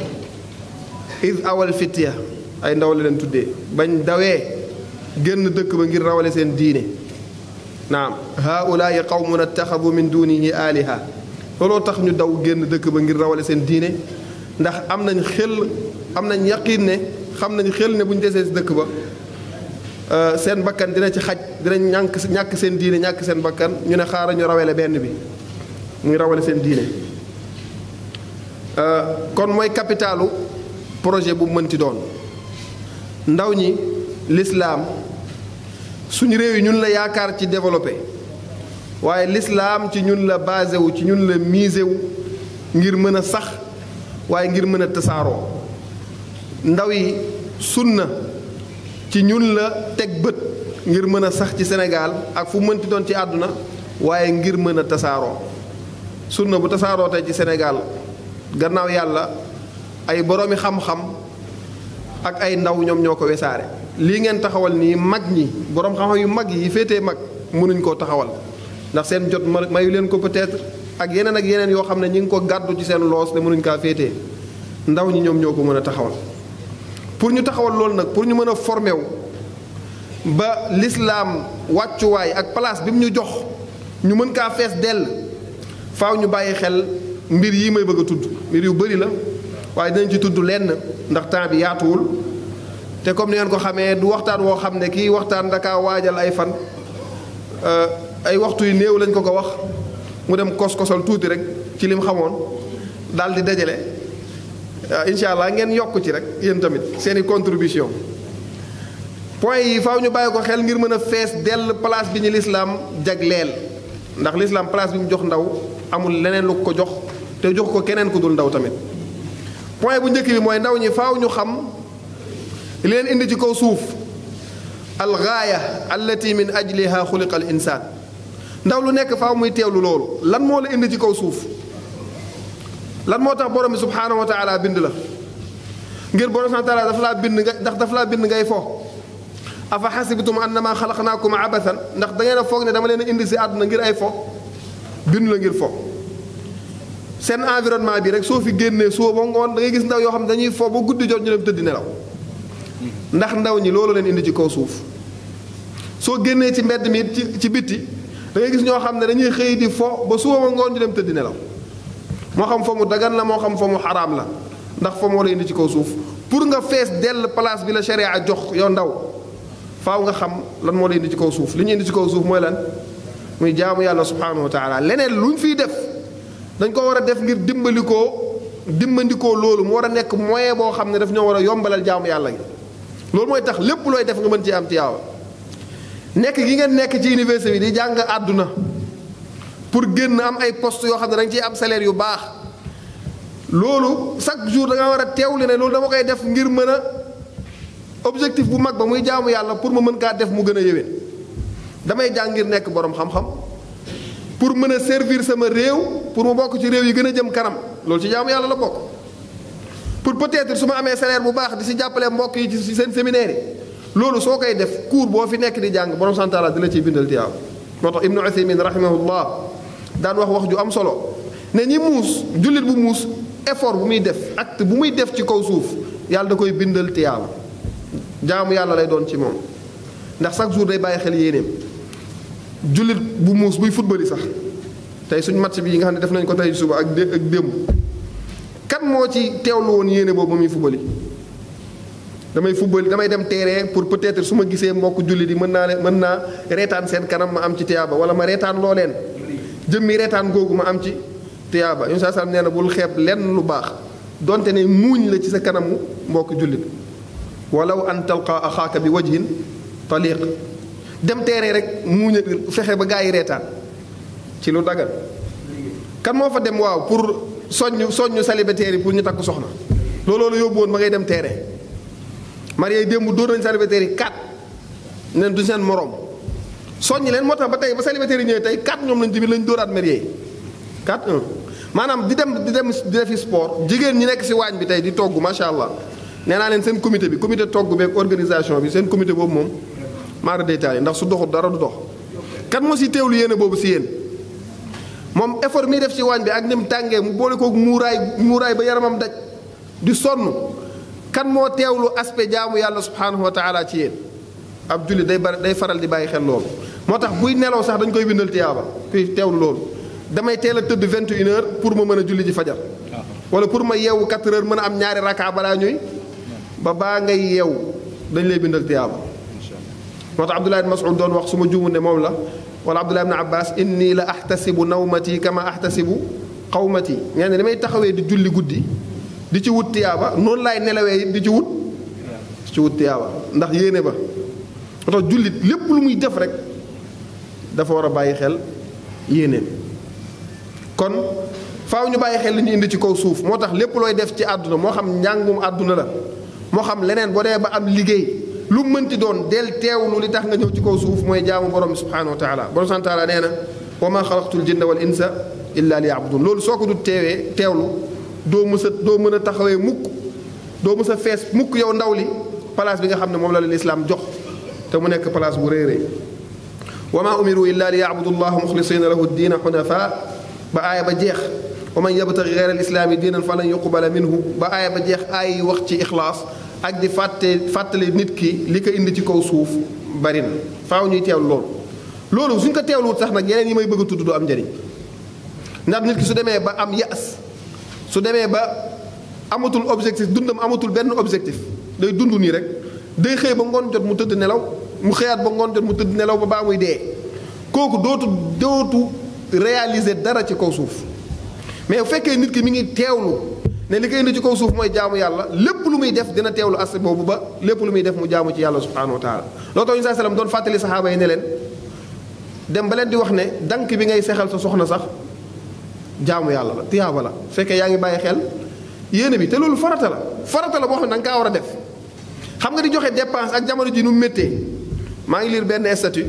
id awal fitya ay ndaw la leen tuddee bañ dawee génn dëkk ba ngir rawale seen diine naam haulaai qawmun attaxadu min dunihi aliha looloo tax ñu daw génn dëkk ba ngir rawale seen diine ndax am nañ xel am nañ yaqiin ne xam nañ xel ne bu ñu desee si dëkk ba Euh, seen bakkan dina ci xaj dinañ ñànk ñàkk seen diine ñàkk seen bakkan ñu ne xaaral ñu rawale benn bi muy rawale seen diine euh, kon mooy capitalu projet bu mënti doon ndaw ñi lislaam suñu réew yi ñun la yaakaar ci développé waaye lislaam ci ñun la basé wu ci ñun la misé wu ngir mën a sax waaye ngir mën a tasaaroo ndaw yi sunna ci ñun la teg bët ngir mën a sax ci Sénégal ak fu mënti doon ci àdduna waaye ngir mën a sunna bu tasaaroo tey ci Sénégal gannaaw yàlla ay boroomi xam-xam ak ay ndaw ñoom ñoo ko wesaare lii ngeen taxawal nii mag ñi borom xam-xam yu mag yi féetee mag mënuñ koo taxawal ndax seen jot mayu leen ko peut-être ak yeneen ak yeneen yoo xam ne ñi ngi ko gàddu ci seen loos ne mënuñ kaa féetee ndaw ñi ñoom ñoo ko taxawal pour ñu taxawal loolu nag pour ñu mën a formé wu ba lislaam wàccuwaay ak place bi mu ñu jox ñu mën kaa fees dell faaw ñu bàyyi xel mbir yi may bëgg a tudd mbir yu bari la waaye dinañ ci tudd lenn ndax temps bi yaatuwul te comme ni ngeen ko xamee du waxtaan woo xam ne kii waxtaan ndaka waajal ay fan euh, ay waxtu yu néew lañ ko ko wax mu dem kos-kosal tuuti rek ci lim xamoon daal di dajale Ah, incha allah ngeen yokk ci rek yéen tamit seeni contribution point yi faaw ñu bàyyi ko xel ngir mën a fees dell place bi ñu lislaam jagleel ndax lislaam place bi mu jox ndaw amul leneen lu ko jox te jox ko keneen ku dul ndaw tamit point bu njëkk bi mooy ndaw ñi faw ñu xam leen indi ci kaw suuf algaaya allati min ajliha xuliqa al insaan ndaw lu nekk faw muy teewlu loolu lan moo la indi ci kaw suuf lan moo tax borom bi subxanahu wa taala bind la ngir borom subxanahu wa taala daf laa bind nga ndax daf laa bind ngay fo afa xasibtum annama xalaqnaakum abathan ndax da ngeen a foog ne dama leen indi si àdduna ngir ay fo bind la ngir fo seen environnement bi rek soo fi génnee soo ba ngoon da ngay gis ndaw yoo xam ne dañuy fo ba guddi jot ñu dem tëdd nelaw ndax ndaw ñi loolu leen indi ci kaw suuf soo génnee ci mbedd mi ci ci bitti da ngay gis ñoo xam ne dañuy xëy di fo ba suba ba ngoon ñu dem tëdd nelaw moo xam fa mu dagan la moo xam fa mu xaraam la ndax fa moo lay indi ci kaw suuf pour nga fees dell place bi la sharia jox yow ndaw faaw nga xam lan moo lay indi ci kaw suuf li ñu indi ci kaw suuf mooy lan muy jaamu yàlla subhaanahu wa taala leneen lu ñu fiy def dañ ko war a def ngir dimbalikoo dimbandikoo loolu mu war a nekk moyen boo xam ne daf ñoo war a yombalal jaamu yàlla loolu mooy tax lépp looy def nga mën ci am ci yaawa nekk gi ngeen nekk ci université bi di jàng àdduna pour génn am ay poste yoo xam ne da nga am salaire yu baax loolu chaque jour da war a teew teewli ne loolu dama koy def ngir mën a objectif bu mag ba muy jaamu yàlla pour ma mën kaa def mu gën a yéwén damay jàng ngir nekk borom xam-xam pour mën a servir sama réew pour mu bokk ci réew yi gën a jëm kanam loolu ci jaamu yàlla la bokk pour peut-être su ma amee salaire bu baax di si jàppale mbokk yi ci seen séminaire yi loolu soo koy def cours boo fi nekk di jàng borom santaala di la ciy bindal tiyaab moo tax ibnu daan wax wax ju am solo ne ñi muus jullit bu muus effort bu muy def acte bu muy def ci kaw suuf yàlla da koy bindal tiyaaba jaamu yàlla lay doon ci moom ndax chaque jour day bàyyi xel yéeneem jullit bu muus buy football sax tey suñ match bi yi nga xam ne def nañ ko tey suba ak dé ak démb kan moo ci teewlu woon yéene boobu muy football damay football damay dem terrain pour peut-être su ma gisee mbokk jullit yi mën naa leen mën naa reetaan seen kanam ma am ci tiyaaba wala ma reetaan jëmmi reetaan googu ma am ci tiyaaba yoon saa saam nee na bul xeeb lenn lu baax donte ne muuñ la ci sa kanamu mbokk jullit walaw an talqa axaaka bi wajhin taliq dem teere rek muuñ bi fexe ba gaa yi reetaan ci lu dagal kan moo fa dem waaw pour soññ soññ célibataire yi pour ñu takk soxna looloo la yóbbu woon ba ngay dem teere marié démb doo nañ célibataire yi kat neen du seen moroom soññi leen moo tax ba tey ba célibataire yi ñëwee tey 4 ñoom lañ ci biir lañ dóoraat marié yi 4 maanaam di dem di dem di defi sport jigéen ñi nekk si waañ bi tey di togg macha allah nee naa leen seen comité bi comité togg beeg organisation bi seen comité boobu moom maara détaillé ndax su doxul dara du dox kan moo si teewlu yéene boobu si yéen moom effort mii def ci waañ bi ak ni mu mu boole kook muuraay muuraay ba yaramam daj di sonn kan moo teewlu aspect jaamu yàlla subhanahu wa taala ci yéen ab jullit day bari day faral di bàyyi xel loolu moo tax buy nelaw sax dañ koy bindal tiyaaba fi teewlu loolu damay teel a tëdd 21 heures pour ma mën a julli ji fajar wala pour ma yeewu 4 heures mën a am ñaari raka balaa ñuy ba baa ngay yeewu dañ lay bindal tiyaaba moo tax Abdullah ibn Mas'ud doon wax suma ma ne moom la wala Abdullah ibn Abbas inni la ahtasibu nawmati kama ahtasibu qawmati nee na li taxawee di julli guddi di ci wut tiyaaba noonu laay nelawee di ci wut di ci wut tiyaaba ndax yéene ba moo tax jullit lépp lu muy def rek dafa war a bàyyi xel yéenéem kon faaw ñu bàyyi xel li ñu indi ci kaw suuf moo lépp looy def ci àdduna moo xam njàngum àdduna la moo xam leneen boo dee ba am liggéey lu mënti doon del teewlu li tax nga ñëw ci kaw suuf mooy jaamu borom subhanahu wa taala borom subhanahu wa taala nee wa ma xalaqtul jinna wal insa illa li yabudun loolu du teewee teewlu doo mës a doo mën mukk doo mës a mukk yow ndaw place bi nga xam ne la la jox te mu nekk place bu réy réy wa maa umiru illa li yacbudu allah muxlisina lahu diina xunafa ba aaya ba jeex wa man yabtagi geyra alislaami diinan falan yuqbala minhu ba aaya ba jeex aay wax ci ixlaas ak di fàtte fàttali nit ki li ko indi ci kaw suuf bari faaw ñuy teewlu loolu loolu suñ ko teewluwut sax nag yeneen yi may bëgg a tudd du am njëriñ ndax nit ki su demee ba am yas su demee ba amatul objectif dundam amatul benn objectif day dund nii rek day xëy ba ngoon jot mu tëdd nelaw mu xëyaat ba ngoon jot mu tëdd nelaw ba baa muy dee kooku dootu dootu réaliser dara ci kaw suuf mais bu fekkee nit ki mi ngi teewlu ne li koy indi ci kaw suuf mooy jaamu yàlla lépp lu muy def dina teewlu as boobu ba lépp lu def mu jaamu ci yàlla subhaanahu wa taala loo tax ñu saa salaam doon fàttali saxaaba yi ne leen dem ba leen di wax ne dank bi ngay sexal sa soxna sax jaamu yàlla la tiyaaba la fekkee yaa ngi bàyyi xel yéene bi te loolu farata la farata la boo xam ne da nga kaa war a def xam nga di joxe dépense ak jamono ji nu méttee maa ngi liir benn statut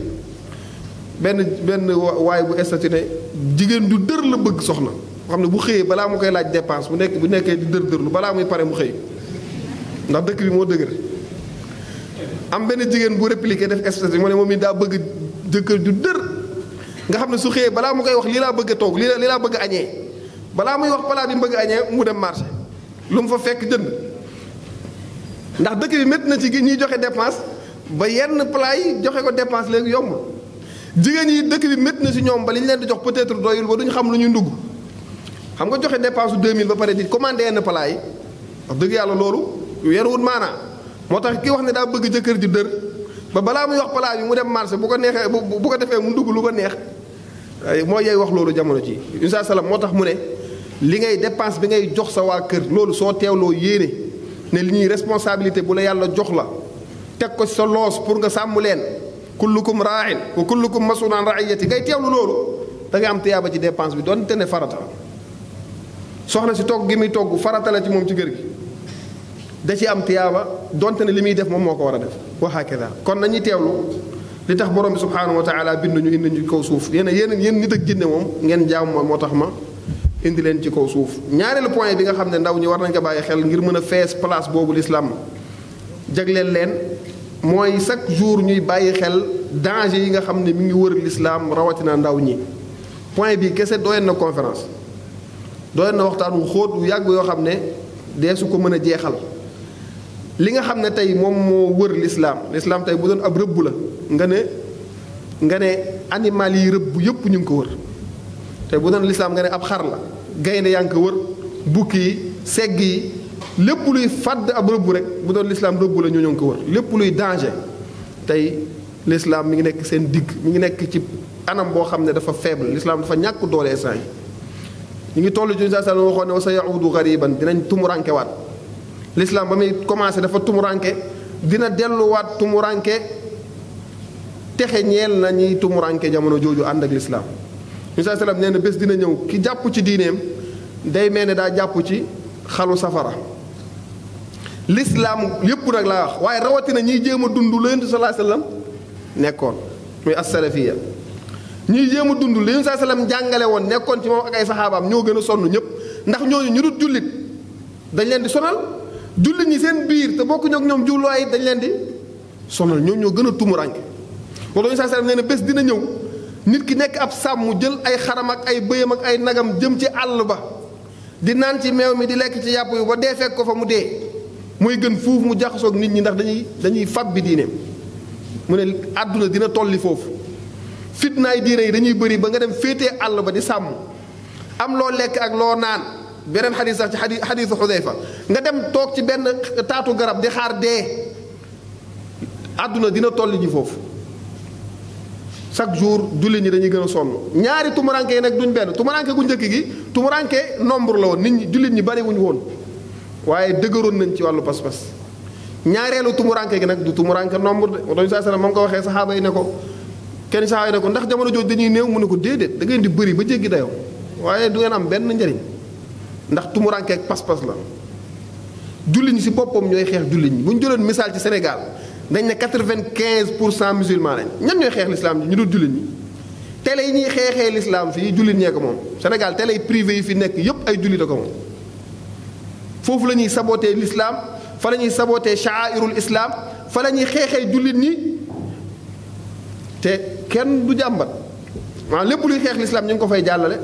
benn benn waay bu statut ne jigéen du dër la bëgg soxna xam ne bu xëyee balaa mu koy laaj dépense bu nekk bu nekkee di dër dërlu balaa muy pare mu xëy ndax dëkk bi moo dëgër am benn jigéen bu répliqué def statut mu ne moom it daa bëgg jëkkër du dër nga xam ne su xëyee balaa mu koy wax lii laa bëgg a toog lii laa bëgg añee balaa muy wax palaa bi mu bëgg a añee mu dem marché lu mu fa fekk jënd ndax dëkk bi métti na ci gi ñuy joxe dépense ba yenn plat yi joxe ko dépense léegi yomb jigéen yi dëkk bi métti na si ñoom ba li ñu leen di jox peut-être doyul ba duñ xam lu ñu ndugg xam nga joxe dépense su 2000 ba pare di commandé yenn plat yi wax yàlla loolu yeruwut maanaa moo tax ki wax ne daa bëgg jëkkër ji dër ba balaa muy wax plat bi mu dem marché bu ko neexee bu ko defee mu ndugg lu ko neex mooy yey wax loolu jamono ci sa salam moo tax mu ne li ngay dépense bi ngay jox sa waa kër loolu soo teewloo yéene ne li ñuy responsabilité bu la yàlla jox la teg ko sa loos pour nga sàmm leen kullukum raain wa kullukum masun an raiyati ngay teewlu loolu da ngay am tiyaaba ci dépense bi doonte ne farata la soxna si togg gi muy togg farata la ci moom ci kër gi da ci am ba donte ne li muy def moom moo ko war a def wa hakada kon nañuy teewlu li tax borom bi subhanahu wa taala bind ñu indi ñu kaw suuf yéen yéen yéen nit ak jinne moom ngeen jaam ma moo tax ma indi leen ci kow suuf ñaareelu point bi nga xam ne ndaw ñi war nañ ko bàyyi xel ngir mën a place boobu lislaam jagleel leen mooy chaque jour ñuy bàyyi xel danger yi nga xam ne mi ngi wër lislaam rawatina ndaw ñi point bi kese doyen na conférence doyen na waxtaan wu xóot wu yàgg yoo xam ne deesu ko mën a jeexal li nga xam ne tey moom moo wër lislaam lislaam tey bu doon ab rëbb la nga ne nga ne animal yi rëbb yëpp ñu ngi ko wër tey bu doon lislaam nga ne ab xar la gaynde yaa ngi ko wër bukki yi segg yi lépp luy fàdd ab rëbb rek bu doon lislaam rëbb la ñoo ngi ko wër lépp luy danger tey lislaam mi ngi nekk seen digg mi ngi nekk ci anam boo xam ne dafa faible lislaam dafa ñàkk doole instant mu ñu ngi toll ci saa waxoon ne wa sa yaudu gariban dinañ waat lislaam ba muy commencé dafa tumuranke dina delluwaat tumuranke texe ñeel na ñuy tumuranke jamono jooju ànd ak lislaam ñu saa salaam nee na bés dina ñëw ki jàpp ci diineem day mel ne daa jàpp ci xalu safara l'islam yëpp nag laa wax waaye rawatina ñiy jéem a dund la yonent sallallahu nekkoon muy as-salafiyya ñiy jéem a dund li yonent sallallahu alayhi jàngale woon nekkoon ci moom ak ay saxaabaam ñoo gën a sonn ñëpp ndax ñooñu ñu dul dañ leen di sonal jullit ñi seen biir te ak ñoom julluwaay dañ leen di sonal ñoom ñoo gën a tumurànke loolu yonent sallallahu alayhi nee na bés dina ñëw nit ki nekk ab sàmm jël ay xaram ak ay bëyam ak ay nagam jëm ci àll ba di naan ci meew mi di lekk ci yàpp yu ba dee fekk ko fa mu dee mooy gën foofu mu jaxasoog nit ñi ndax dañuy dañuy fab bi diineem mu ne àdduna dina tolli foofu fitnaay diine yi dañuy bëri ba nga dem féete àll ba di sàmm am loo lekk ak loo naan beneen xadis sax ci xadi xadisu xudayfa nga dem toog ci benn taatu garab di xaar dee àdduna dina tolli ji foofu chaque jour julli ñi dañuy gën a sonn ñaari tumuranke yi nag duñ benn tumuranke gu njëkk gi tumuranke nombre la woon nit ñi jullit ñi bari woon waaye dëgëroon nañ ci wàllu pas-pas ñaareelu tumuranke gi nag du tumuranke nombre de moo tax saa sallam moom ko waxee saxaaba yi ne ko kenn saxaaba yi ne ko ndax jamono jooju dañuy néew mu ne ko déedéet da ngeen di bëri ba jéggi dayoo waaye du ngeen am benn njariñ ndax tumuranke ak pas-pas la jullit ñi si poppam ñooy xeex jullit ñi bu ñu jëloon misaal ci Sénégal dañ ne quatre-vingt-quinze pour cent musulman lañ ñan ñooy xeex lislaam ji ñu dul jullit ñi télé ñuy xeexee lislaam fii jullit ñee ko moom Sénégal télé yi privé yi fi nekk yépp ay jullit a ko foofu la ñuy sabotee l'islam fa la ñuy sabotee sha'airul islam fa la ñuy xeexee jullit ñi te kenn du jàmbat waaw lépp luy xeex l'islam ñu ngi ko fay jàllale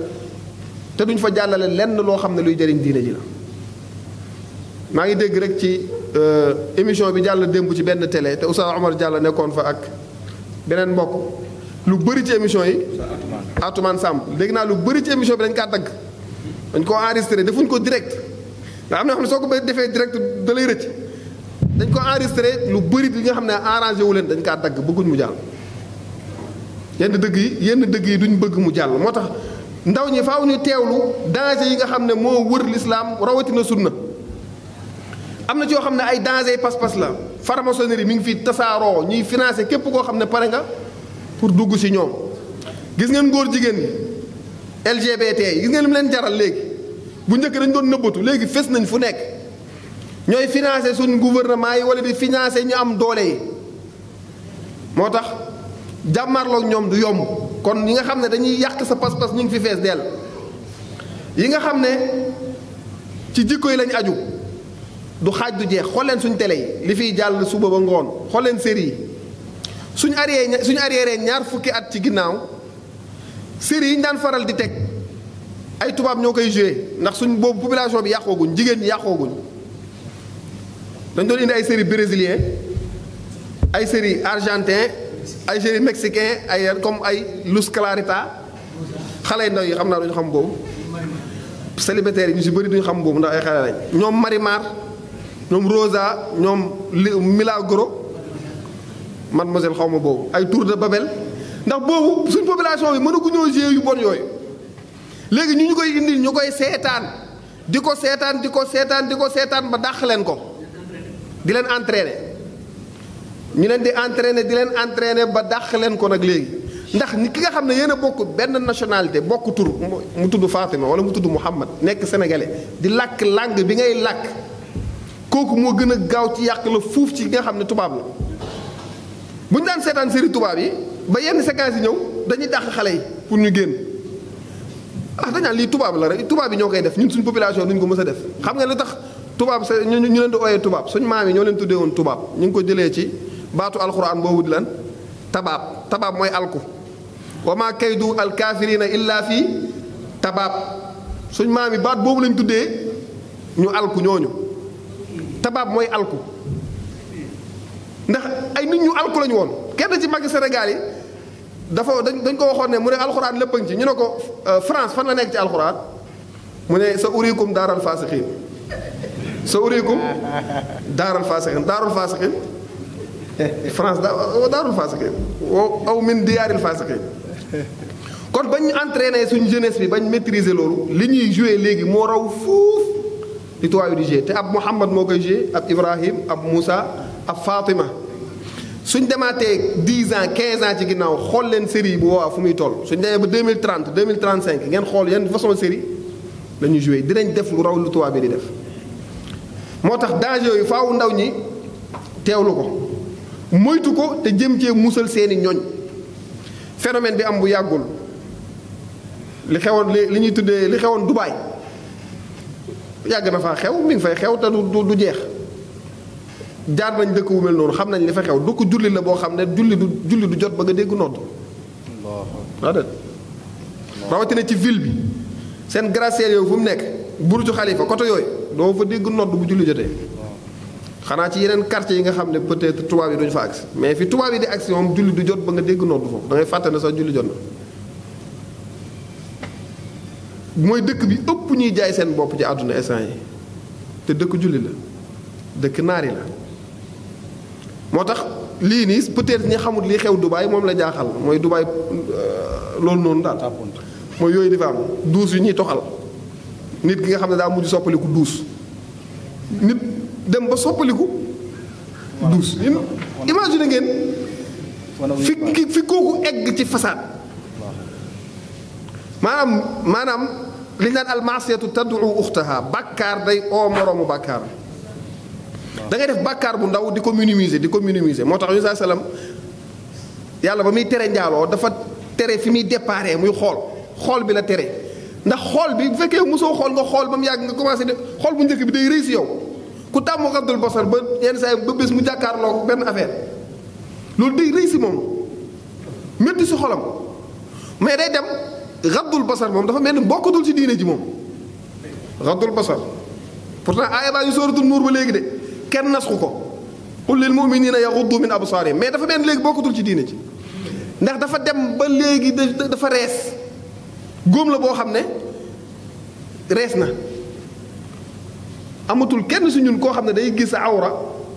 te duñ fa jàllale lenn loo xam ne luy jëriñ diine ji la maa ngi dégg rek ci émission bi jàll démb ci benn télé te Oustaz Omar Diallo nekkoon fa ak beneen mbokk lu bëri ci émission yi Atoumane Samb dégg naa lu bëri ci émission bi dañ kaa dagg dañ koo enregistré defuñ ko direct am na xam ne soo ko defee direct da lay rëcc dañ ko enregistré lu bëri li nga xam ne arrangé wu leen dañ kaa dagg bëgguñ mu jàll yenn dëgg yi yenn dëgg yi duñ bëgg mu jàll moo tax ndaw ñi faaw ñu teewlu danger yi nga xam ne moo wër lislaam rawatina sunna am na ci xam ne ay danger pas-pas la franc-maçonnerie mi ngi fi tasaaroo ñuy financé képp koo xam ne pare nga pour dugg ci ñoom gis ngeen góor jigéen yi LGBT yi gis ngeen lu mu leen jaral léegi bu njëkk dañ doon nëbbatu léegi fës nañ fu nekk ñooy financé suñu gouvernement yi wala di financé ñu am doole yi moo tax jàmmarloog ñoom du yomb kon ñi nga xam ne dañuy yàq sa pas-pas ñu ngi fi fees dell yi nga xam ne ci jikko yi lañ aju du xaaj du jeex xool leen suñ télé yi li fiy jàll suba ba ngoon xooleen leen série yi suñ arrière suñu arrière ñaar fukki at ci ginnaaw série yi ñu daan faral di teg ay tubaab ñoo koy joué ndax suñ boobu population bi yàqooguñ jigéen ñi yàqooguñ dañ doon indi ay série brésilien ay série argentin ay série mexicain ay comme ay Luz Clarita xale ndaw yi xam naa duñu xam boobu célibataires yi ñu si bëri duñ xam boobu ndax ay xale lañ ñoom Marimar ñoom Rosa ñoom Milagro mademoiselle xaw ma boobu ay Tour de Babel ndax boobu suñ population bi ñoo joué yu bon yooyu léegi ñu ñu koy indi ñu koy seetaan di ko seetaan di ko seetaan di ko seetaan ba dàq leen ko di leen entraîner ñu leen di entraîner di leen entraîner ba dàq leen ko nag léegi ndax ni ki nga xam ne yéen a bokk benn nationalité bokk tur mu tudd Fatima wala mu tudd Muhammad nekk sénégalais di làkk langue bi ngay làkk kooku moo gën a gaaw ci yàq la fuuf ci nga xam ne tubaab la bu ñu daan seetaan série tubaab yi ba yenn séquence yi ñëw dañuy dàq xale yi pour ñu génn. ah dañaan lii tubaab la rek tubaab yi ñoo koy def ñun suñu population ko mës a def xam nga li tax tubaab sa ñu leen di ooyee tubaab suñu maam yi ñoo leen tuddee ñu ngi ko jëlee ci baatu alxuraan boobu di lan tabaab tabaab mooy alku wa maa kaydu alkaafirina illa fii tabaab suñ maam yi baat boobu lañ tuddee ñu alku ñooñu tabaab mooy alku ndax ay nit ñu alku lañu woon kenn ci magi Sénégal yi dafa dañ dañ ko waxoon ne mu ne alxuraan lépp ci ñu ne ko France fan la nekk ci alxuraan mu ne sa urikum daaral faasixiin sa urikum daaral faasixiin daarul faasixiin France daarul faasixiin aw min diyaaril faasixiin kon bañ ñu entraîné suñu jeunesse bi bañ maîtriser loolu li ñuy joué léegi moo raw fuuf li tubaab yi di joué te ab Mouhamad moo koy joué ab Ibrahim ab Moussa ab Fatima. suñ demaatee dix an quinze ans ci ginnaaw xool leen série bu boobaa fu muy toll suñ demee ba deux mille trente deux mille trente cinq ngeen xool yan façon série la ñuy joué dinañ def lu raw lu tubaab di def. moo tax danger yooyu faw ndaw ñi teewlu ko moytu ko te jëm cee musal seeni ñoñ phénomène bi am bu yàggul li xewoon li li ñuy tuddee li xewoon Dubaay yàgg na faa xew mi ngi fay xew te du du jeex. jaar nañ dëkk wu mel noonu xam nañ li fa xew du julli la boo xam ne julli du julli du jot ba nga dégg nodd waaw déet rawatina ci ville bi seen gracier yooyu fu mu nekk burju xalifa côté yooyu doo fa dégg nodd bu julli jotee xanaa ci yeneen quartier yi nga xam ne peut-être tubaab yi duñu fa agsi mais fi tubaab yi di agsi moom julli du jot ba nga dégg nodd foofu da ngay fàtte ne sax julli jot na mooy dëkk bi ëpp ñuy jaay seen bopp ci àdduna instant yi te dëkk julli la dëkk naari moo tax lii nii peut-être ñi xamul li xew Dubaay moom la jaaxal mooy Dubaay euh, loolu noonu daal. mooy yooyu dafa am duus yu ñuy toxal nit ki nga xam ne daa mujj soppaliku duus nit dem ba soppaliku. duus imagine ngeen. fi ki fi kooku egg ci façade. maanaam maanaam li ñu naan almasiyatu taddu uxtaha bàkkaar day oo moroomu bàkkaar da ngay def bakkar bu ndaw di ko minimiser di ko minimiser moo tax Yusa Salam yàlla ba muy tere njaaloo dafa tere fi muy déparé muy xool xool bi la tere ndax xool bi bu fekkee mosoo xool nga xool ba mu yàgg nga commencé de xool bu njëkk bi day rëy yow ku tàmm Abdul Basar ba yenn saa ba bés mu jàkkaarloo benn affaire loolu day rëy si moom métti si xolam mais day dem raddul basar moom dafa mel ni bokkatul si diine ji moom raddul basar pourtant aaya baa ñu sóoratul nuur ba léegi de كان نسخوكو قل للمؤمنين يغضوا من ابصارهم مي دا فا بن ليك بوكوتول سي دينا سي نده دا فا ديم با ليغي دا فا ريس غوم لا بو خامني ريسنا اموتول كين سي نون كو خامني داي غيس عورا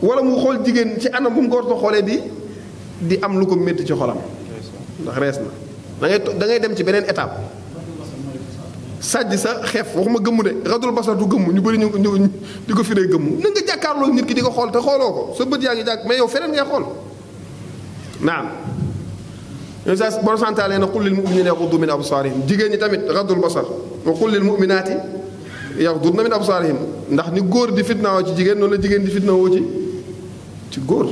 ولا مو خول جيجين سي انا بوم غور دو خولي دي دي ام لوكو ميتي سي خولام ndax res na da ngay da ngay dem ci benen sàjj sa xeef waxuma gëmmu de radul basar du gëmmu ñu bëri ñu ñu di ko firee gëmmu na nga jàkkaarloo nit ki di ko xool te xooloo ko sa bët yaa ngi jàkk mais yow feneen ngay xool naam ñun saa borom santaale na qul lil muminina yaxuddu min absarihim jigéen ñi tamit radul basar wa qul lil muminaati yaxdudna min absarihim ndax ni góor di fitnaawoo ci jigéen noonu la jigéen di fitnaawoo ci ci góor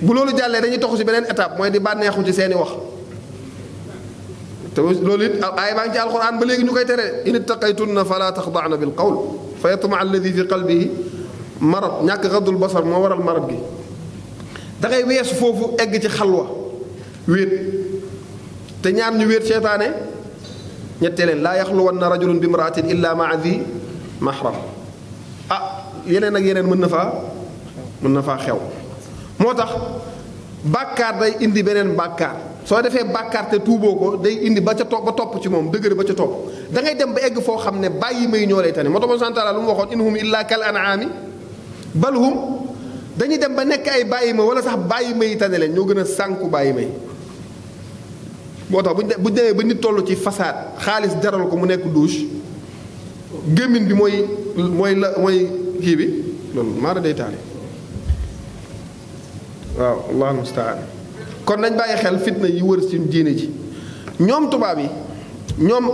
bu loolu jàllee dañuy toxu ci beneen étape mooy di bànneexu ci seeni wax te loolu it aay baa ngi ci alquran ba léegi ñu koy tere in ittaqaytunna fala taxda'na bil qawl fa yatma alladi fi qalbihi marab ñàkk xaddul basar moo waral marab gi da ngay weesu foofu egg ci xalwa wéet te ñaar ñu wéet seetaane ñettee leen laa yaxluwanna rajulun bi imraatin illa maa di mahram ah yeneen ak yeneen mën na faa mën na faa xew moo tax bàkkaar day indi beneen bàkkaar so defé bakkar te tuubo ko day indi ba ca top ba top ci mom deugere ba ca top da ngay dem ba egg fo xamné bàyyi may ñoo tane moo tax moom lu waxon inhum illa kal an'ami bal hum dañuy dem ba nek ay bàyyi ma wala sax bàyyi may tane leen ñoo gëna sànku bàyyi may moo tax bu déwé ba nit tollu ci façade xaalis daral ko mu nek douche gemin bi moy moy moy ki kii bi loolu maara day tane waaw allah musta'an kon nañ bàyyi xel fitna yi wër suñu diine ji ñoom tubaab yi ñoom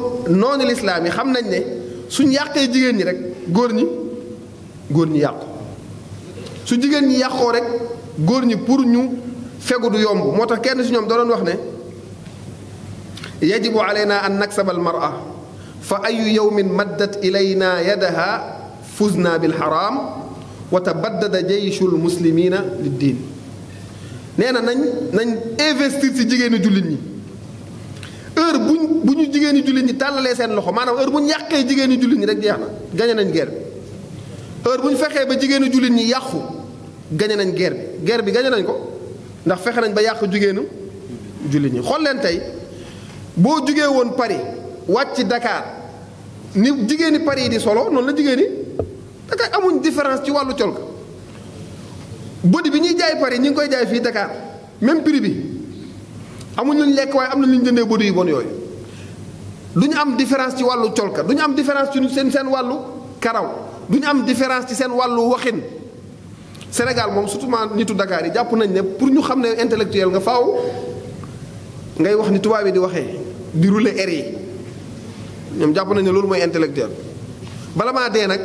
noonu lislaam yi xam nañ ne suñ yàqee jigéen ñi rek góor ñi góor ñi yàqu su jigéen ñi yàqoo rek góor ñi pour ñu fegu du yomb moo tax kenn si ñoom doon wax ne yajibu alayna an naksaba al mar'a fa ayu yawmin maddat ilayna yadaha fuzna bil haram wa tabaddada jayshu al muslimina lid din nee na nañ nañ investir ci jigéenu jullit ñi heure bu ñu jigéenu jullit ñi tàllalee seen loxo maanaam heure bu ñu yàqee jigéenu jullit ñi rek jeex na gañe nañ guerre bi heure bu ñu fexee ba jigéenu jullit ñi yàqu gañe nañ ger bi bi gañe nañ ko ndax fexe nañ ba yàq jigéenu jullit ñi xool leen tey boo jugee woon pari wàcc Dakar ni jigéeni Paris yi di solo noonu la jigéeni Dakar amuñ différence ci wàllu col body bi ñuy jaay Paris ñu ngi koy jaay fii Dakar même prix bi amuñ luñ lekk waaye am na lu ñu jëndee body yi bon yooyu du ñu am différence ci wàllu colka du ñu am différence ci seen seen wàllu karaw du ñu am différence ci seen wàllu waxin Sénégal moom surtout nitu Dakar yi jàpp nañ ne pour ñu xam ne intellectuel nga faw ngay wax ni tubaab yi di waxee di rouler air yi ñoom jàpp nañ ne loolu mooy intellectuel bala maa dee nag.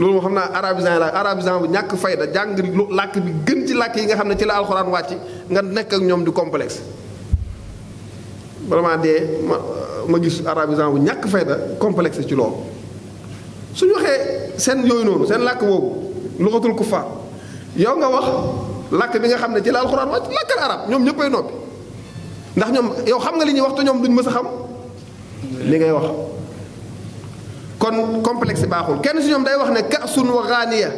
loolu moo xam naa arabisant la arabisant bu ñàkk fayda jàng lu làkk bi gën ci làkk yi nga xam ne ci la alxuraan wàcc nga nekk ak ñoom di complexe vraiment de ma ma gis arabisant bu ñàkk fayda complexe ci loolu suñu waxee seen yooyu noonu seen làkk boobu luxatul kuffaar yow nga wax làkk bi nga xam ne ci la alxuraan wàcc làkkal arab ñoom ñëppay noppi ndax ñoom yow xam nga li ñuy wax te ñoom duñ mës a xam li ngay wax كون كومبلكس باخول كان si ñoom day wax ne ka'sun wa ghaaniya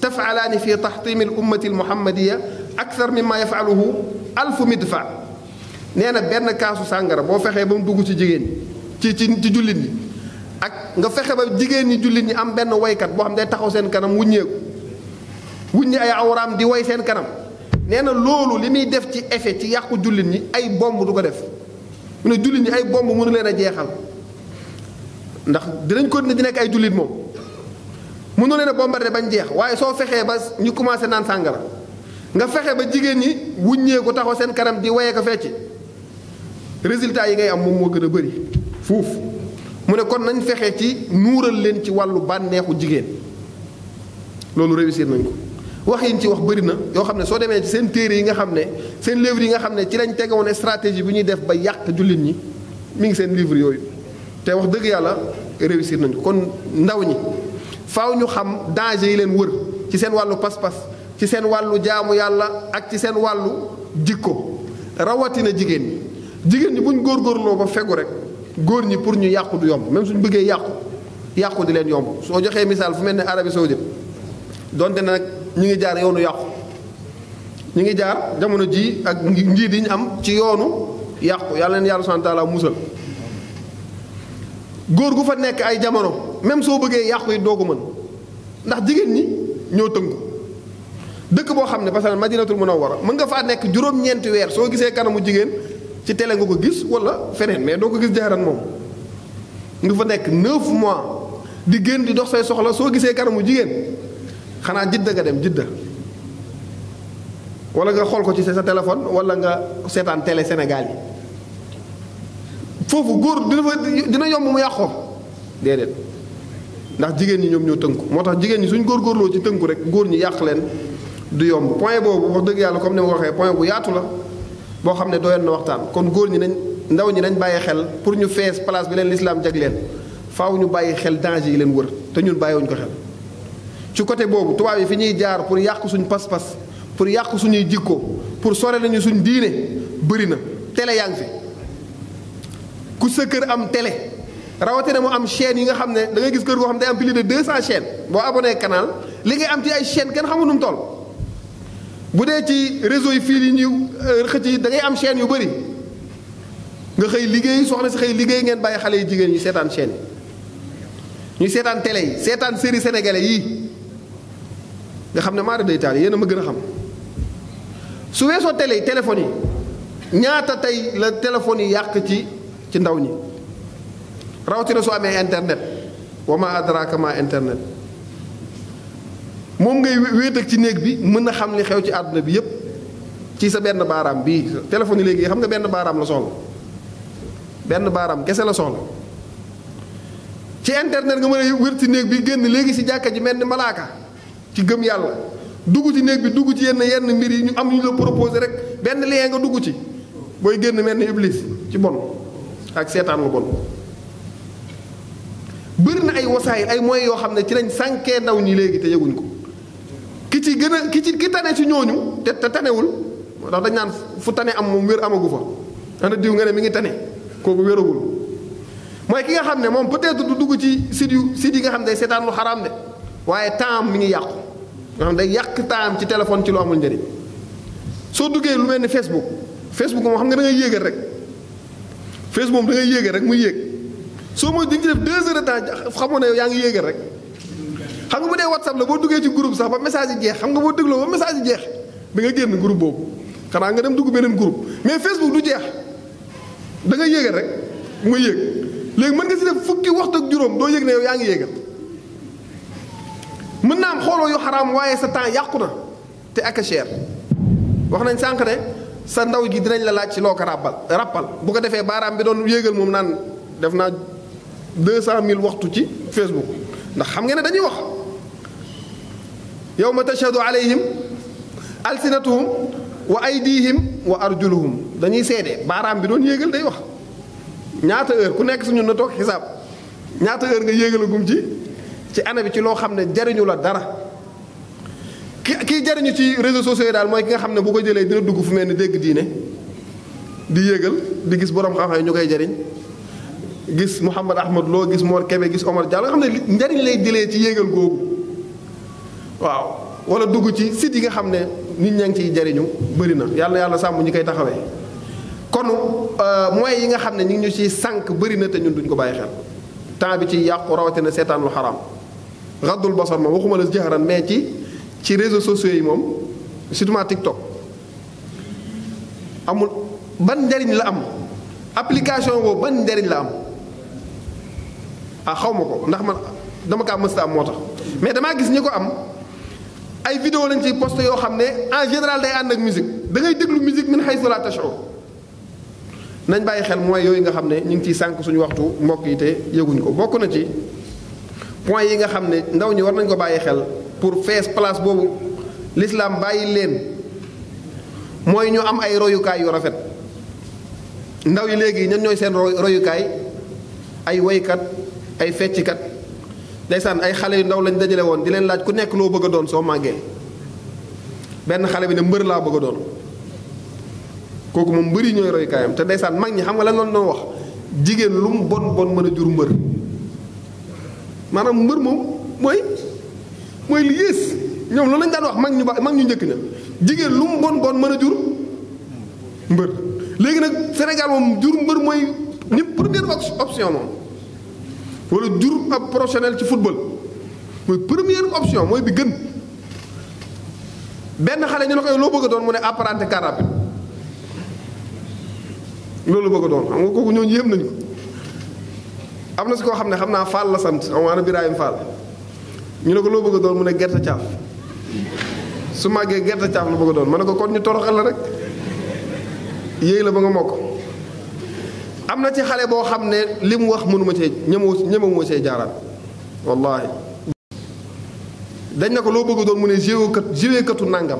tafalaani fi taxtimi al ummati al muhammadiya akthar mimma yafaluhu alfu midfa nee na benn kaasu sàngara boo fexee تي mu dugg ci jigéen ci nga fexe ba jigen ñi julit ñi am ben way kat bo xam day taxaw sen kanam wuññeeku wuññi ay awram di way sen kanam neena na limi def ci effet ci yàqu julit ñi ay bombu du ko def mune julit ñi ay bombu mënu leena jexal ndax dinañ ko di nekk ay jullit moom mënoo leen a bombardé bañ jeex waaye soo fexee ba ñu commencé naan sàngara nga fexe ba jigéen ñi wuññee ko taxaw seen kanam di waye ko fecc résultat yi ngay am moom moo gën a bëri fuuf mu ne kon nañ fexe ci nuural leen ci wàllu bànneexu jigéen loolu réussir nañ ko wax yi ñu ci wax bari na yoo xam ne soo demee ci seen téere yi nga xam ne seen livre yi nga xam ne ci lañ tegoon stratégie bi ñuy def ba yàq jullit ñi mi ngi seen livre yooyu te wax dëgg yàlla réussir nañ ko kon ndaw ñi faw ñu xam danger yi leen wër ci seen wàllu pas-pas ci seen wàllu jaamu yàlla ak ci seen wàllu jikko rawatina jigéen ñi jigéen ñi buñ góorgóorloo ba fegu rek góor ñi pour ñu yàqu du yomb même suñu bëggee yàqu yàqu di leen yomb soo joxee misaal fu mel ne Arabie Saoudite donte nag ñu ngi jaar yoonu yàqu ñu ngi jaar jamono ji ak njiit yi ñu am ci yoonu yàqu yàlla leen yàlla subhaanahu wa taala musal góor gu fa nekk ay jamono même soo bëggee yàqu yi doo ko mën ndax jigéen ñi ñoo tënku dëkk boo xam ne masalan madinatul a mën nga faa nekk juróom-ñeenti weer soo gisee kanamu jigéen ci tele nga ko gis wala feneen mais doo ko gis jaaraan moom nga fa nekk 9 mois di génn di dox say soxla soo gisee kanamu jigéen xanaa jidda nga dem jidda wala nga xool ko ci sa téléphone wala nga seetaan télé Sénégal yi. foofu góor dina fa dina yomb mu yàqoo déedéet ndax jigéen ñi ñoom ñoo tënku moo tax jigéen ñi suñ góorgóorloo ci tënku rek góor ñi yàq leen du yomb point boobu wax dëgg yàlla comme ni ma ko waxee point bu yaatu la boo xam ne doyoon na waxtaan kon góor ñi nañ ndaw ñi nañ bàyyi xel pour ñu fees place bi leen lislaam leen faw ñu bàyyi xel danger yi leen wër te ñun bàyyiwuñ ko xel ci côté boobu tubaab yi fi ñuy jaar pour yàq suñ pas-pas pour yàq suñuy jikko pour sore nañu suñ diine bëri na télé yaa fi ku sa kër am télé rawatina mu am chaîne yi nga xam ne dangay gis kër goo xam ne day am plus de 200 chaînes boo abonné kanaan li ngay am ci ay chaîne kenn xamul nu mu toll. bu dee ci réseau yi fii yi ñuy euh, xëcc yi da ngay am chaîne yu bëri nga xëy liggéey soxna si xëy liggéey ngeen bàyyi xale yu jigéen ñu seetaan chaîne yi ñu seetaan télé yi seetaan série sénégalais yi nga xam ne maa day taal yéen a ma gën a xam su weesoo télé yi téléphone yi ñaata tey la téléphone yi yàq ci. ci ndaw ñi rawatina su amee internet wa ma adraka internet moom ngay wéet ak ci néeg bi mën na xam li xew ci àdduna bi yépp ci sa benn baaraam bii téléphone yi xam nga benn baaraam la soxla benn baaraam kese la soxla ci internet nga mën a wér ci néeg bi génn léegi ci jàkka ji mel ni malaaka ci gëm yàlla dugg ci néeg bi dugg ci yenn yenn mbir yi ñu am ñu la proposé rek benn lien nga dugg ci booy génn mel ni iblis ci bon ak seetaan lu bon bëri na ay wasaayil ay moyens yoo xam ne ci lañ sànkee ndaw ñi léegi te yëguñ ko ki ci gën a ki ci ki tane ci ñooñu te te tanewul moo tax dañ naan fu tane am moom wér amagu fa ana diw nga ne mi ngi tane kooku wéragul mooy ki nga xam ne moom peut-être du dugg ci site yu site yi nga xam ne day seetaan lu xaraam de waaye temps mi ngi yàqu nga xam day yàq temps ci téléphone ci lu amul njëriñ soo duggee lu mel ni Facebook Facebook moom xam nga da ngay rek fees moom da ngay yéege rek mu yéeg soo mooy di nga ci def deux heures temps xamoo ne yaa ngi yéege rek xam nga bu dee whatsapp la boo duggee ci groupe sax ba message yi jeex xam nga boo dégloo ba message yi jeex da nga génn groupe boobu xanaa nga dem dugg beneen groupe mais Facebook du jeex da nga yéegal rek mu yéeg léegi mën nga si def fukki waxtu ak juróom doo yëg ne yow yaa ngi yéegal mën naa am xooloo yu xaraam waaye sa temps yàqu na te ak cher wax nañ sànq ne. sa ndaw gi dinañ la laaj ci loo ko ràbbal ràppal bu ko defee baaraam bi doon yéegal moom naan def naa 200000 waxtu ci Facebook ndax xam nga ne dañuy wax yow ma tashhadu alayhim alsinatuhum wa aydihim wa arjuluhum dañuy seede baaraam bi doon yéegal day wax ñaata heure ku nekk suñu na toog xisaab ñaata heure nga yéegalagum ci ci ana bi ci loo xam ne jariñu la dara ki kii jariñu ci réseaux sociaux yi daal mooy ki nga xam ne bu ko jëlee dina dugg fu mel ni dégg diine di yéegal di gis borom xam-xam ñu koy jariñ gis Mouhamad Ahmad loo gis Mor Kébé gis Omar Diallo nga xam ne njariñ lay jëlee ci yéegal googu waaw wala dugg ci sit yi nga xam ne nit ñaa ngi ciy jariñu bëri na yàlla yàlla sàmm ñi koy taxawee kon euh, moye yi nga xam ne ñu ngi ñu ci sànq bëri na te ñun duñ ko bàyyi xel temps bi ci yàqu rawatina seetaan lu xaraam raddul basar moom waxuma la jëxaran ci ci réseaux sociaux yi moom surtout ma TikTok amul ban njariñ la am application boobu ba njariñ la am a ah, xaw ma ko ndax man dama kaa mësta am moo tax mais damaa gis ñi ko am ay vidéo lañ ci poste yoo xam ne en général day ànd ak musique da ngay déglu musique min haythu la tash'ur nañ bàyyi xel mooy yooyu nga xam ne ñu ngi ciy sànq suñu waxtu mbokk yi te yëguñ ko bokk na ci point yi nga xam ne ndaw ñi war nañ ko bàyyi xel pour fees place boobu lislaam bàyyi leen mooy ñu am ay royukaay yu rafet ndaw yi léegi ñan ñooy seen royukaay ay woykat ay fecckat ndeysaan ay xale yu ndaw lañ dajale woon di leen laaj ku nekk loo bëgg a doon soo màggee benn xale bi ne mbër laa bëgg a doon kooku moom mbëri ñooy royukaayam te ndeysaan mag ñi xam nga la lañ doon wax jigéen lu mu bon bon mën a jur mbër maanaam mbër moom mooy mooy li yées ñoom loolu lañ daan wax mag ñu baax mag ñu njëkk na jigéen lu mu bon bon mën a jur mbër léegi nag Sénégal moom jur mbër mooy ni première option moom wala jur ab professionnel ci football mooy première option mooy bi gën benn xale ñu ne koy loo bëgg a doon mu ne apprenti car rapide loolu bëgg a doon xam nga kooku ñooñu yëm nañu am na si koo xam ne xam naa Fall la sant amaana Birahim Fall ñu ne ko loo bëgg doon mu ne gerte caaf su màggee gerte caaf la bëgg doon ma ne ko kon ñu toroxal la rek yéey la ba nga mokk am na ci xale boo xam ne li mu wax mënuma cee ñemewu ñemewuma cee jaaraat wallaahi dañ ne ko loo bëgg a doon mu ne joué kat nàngam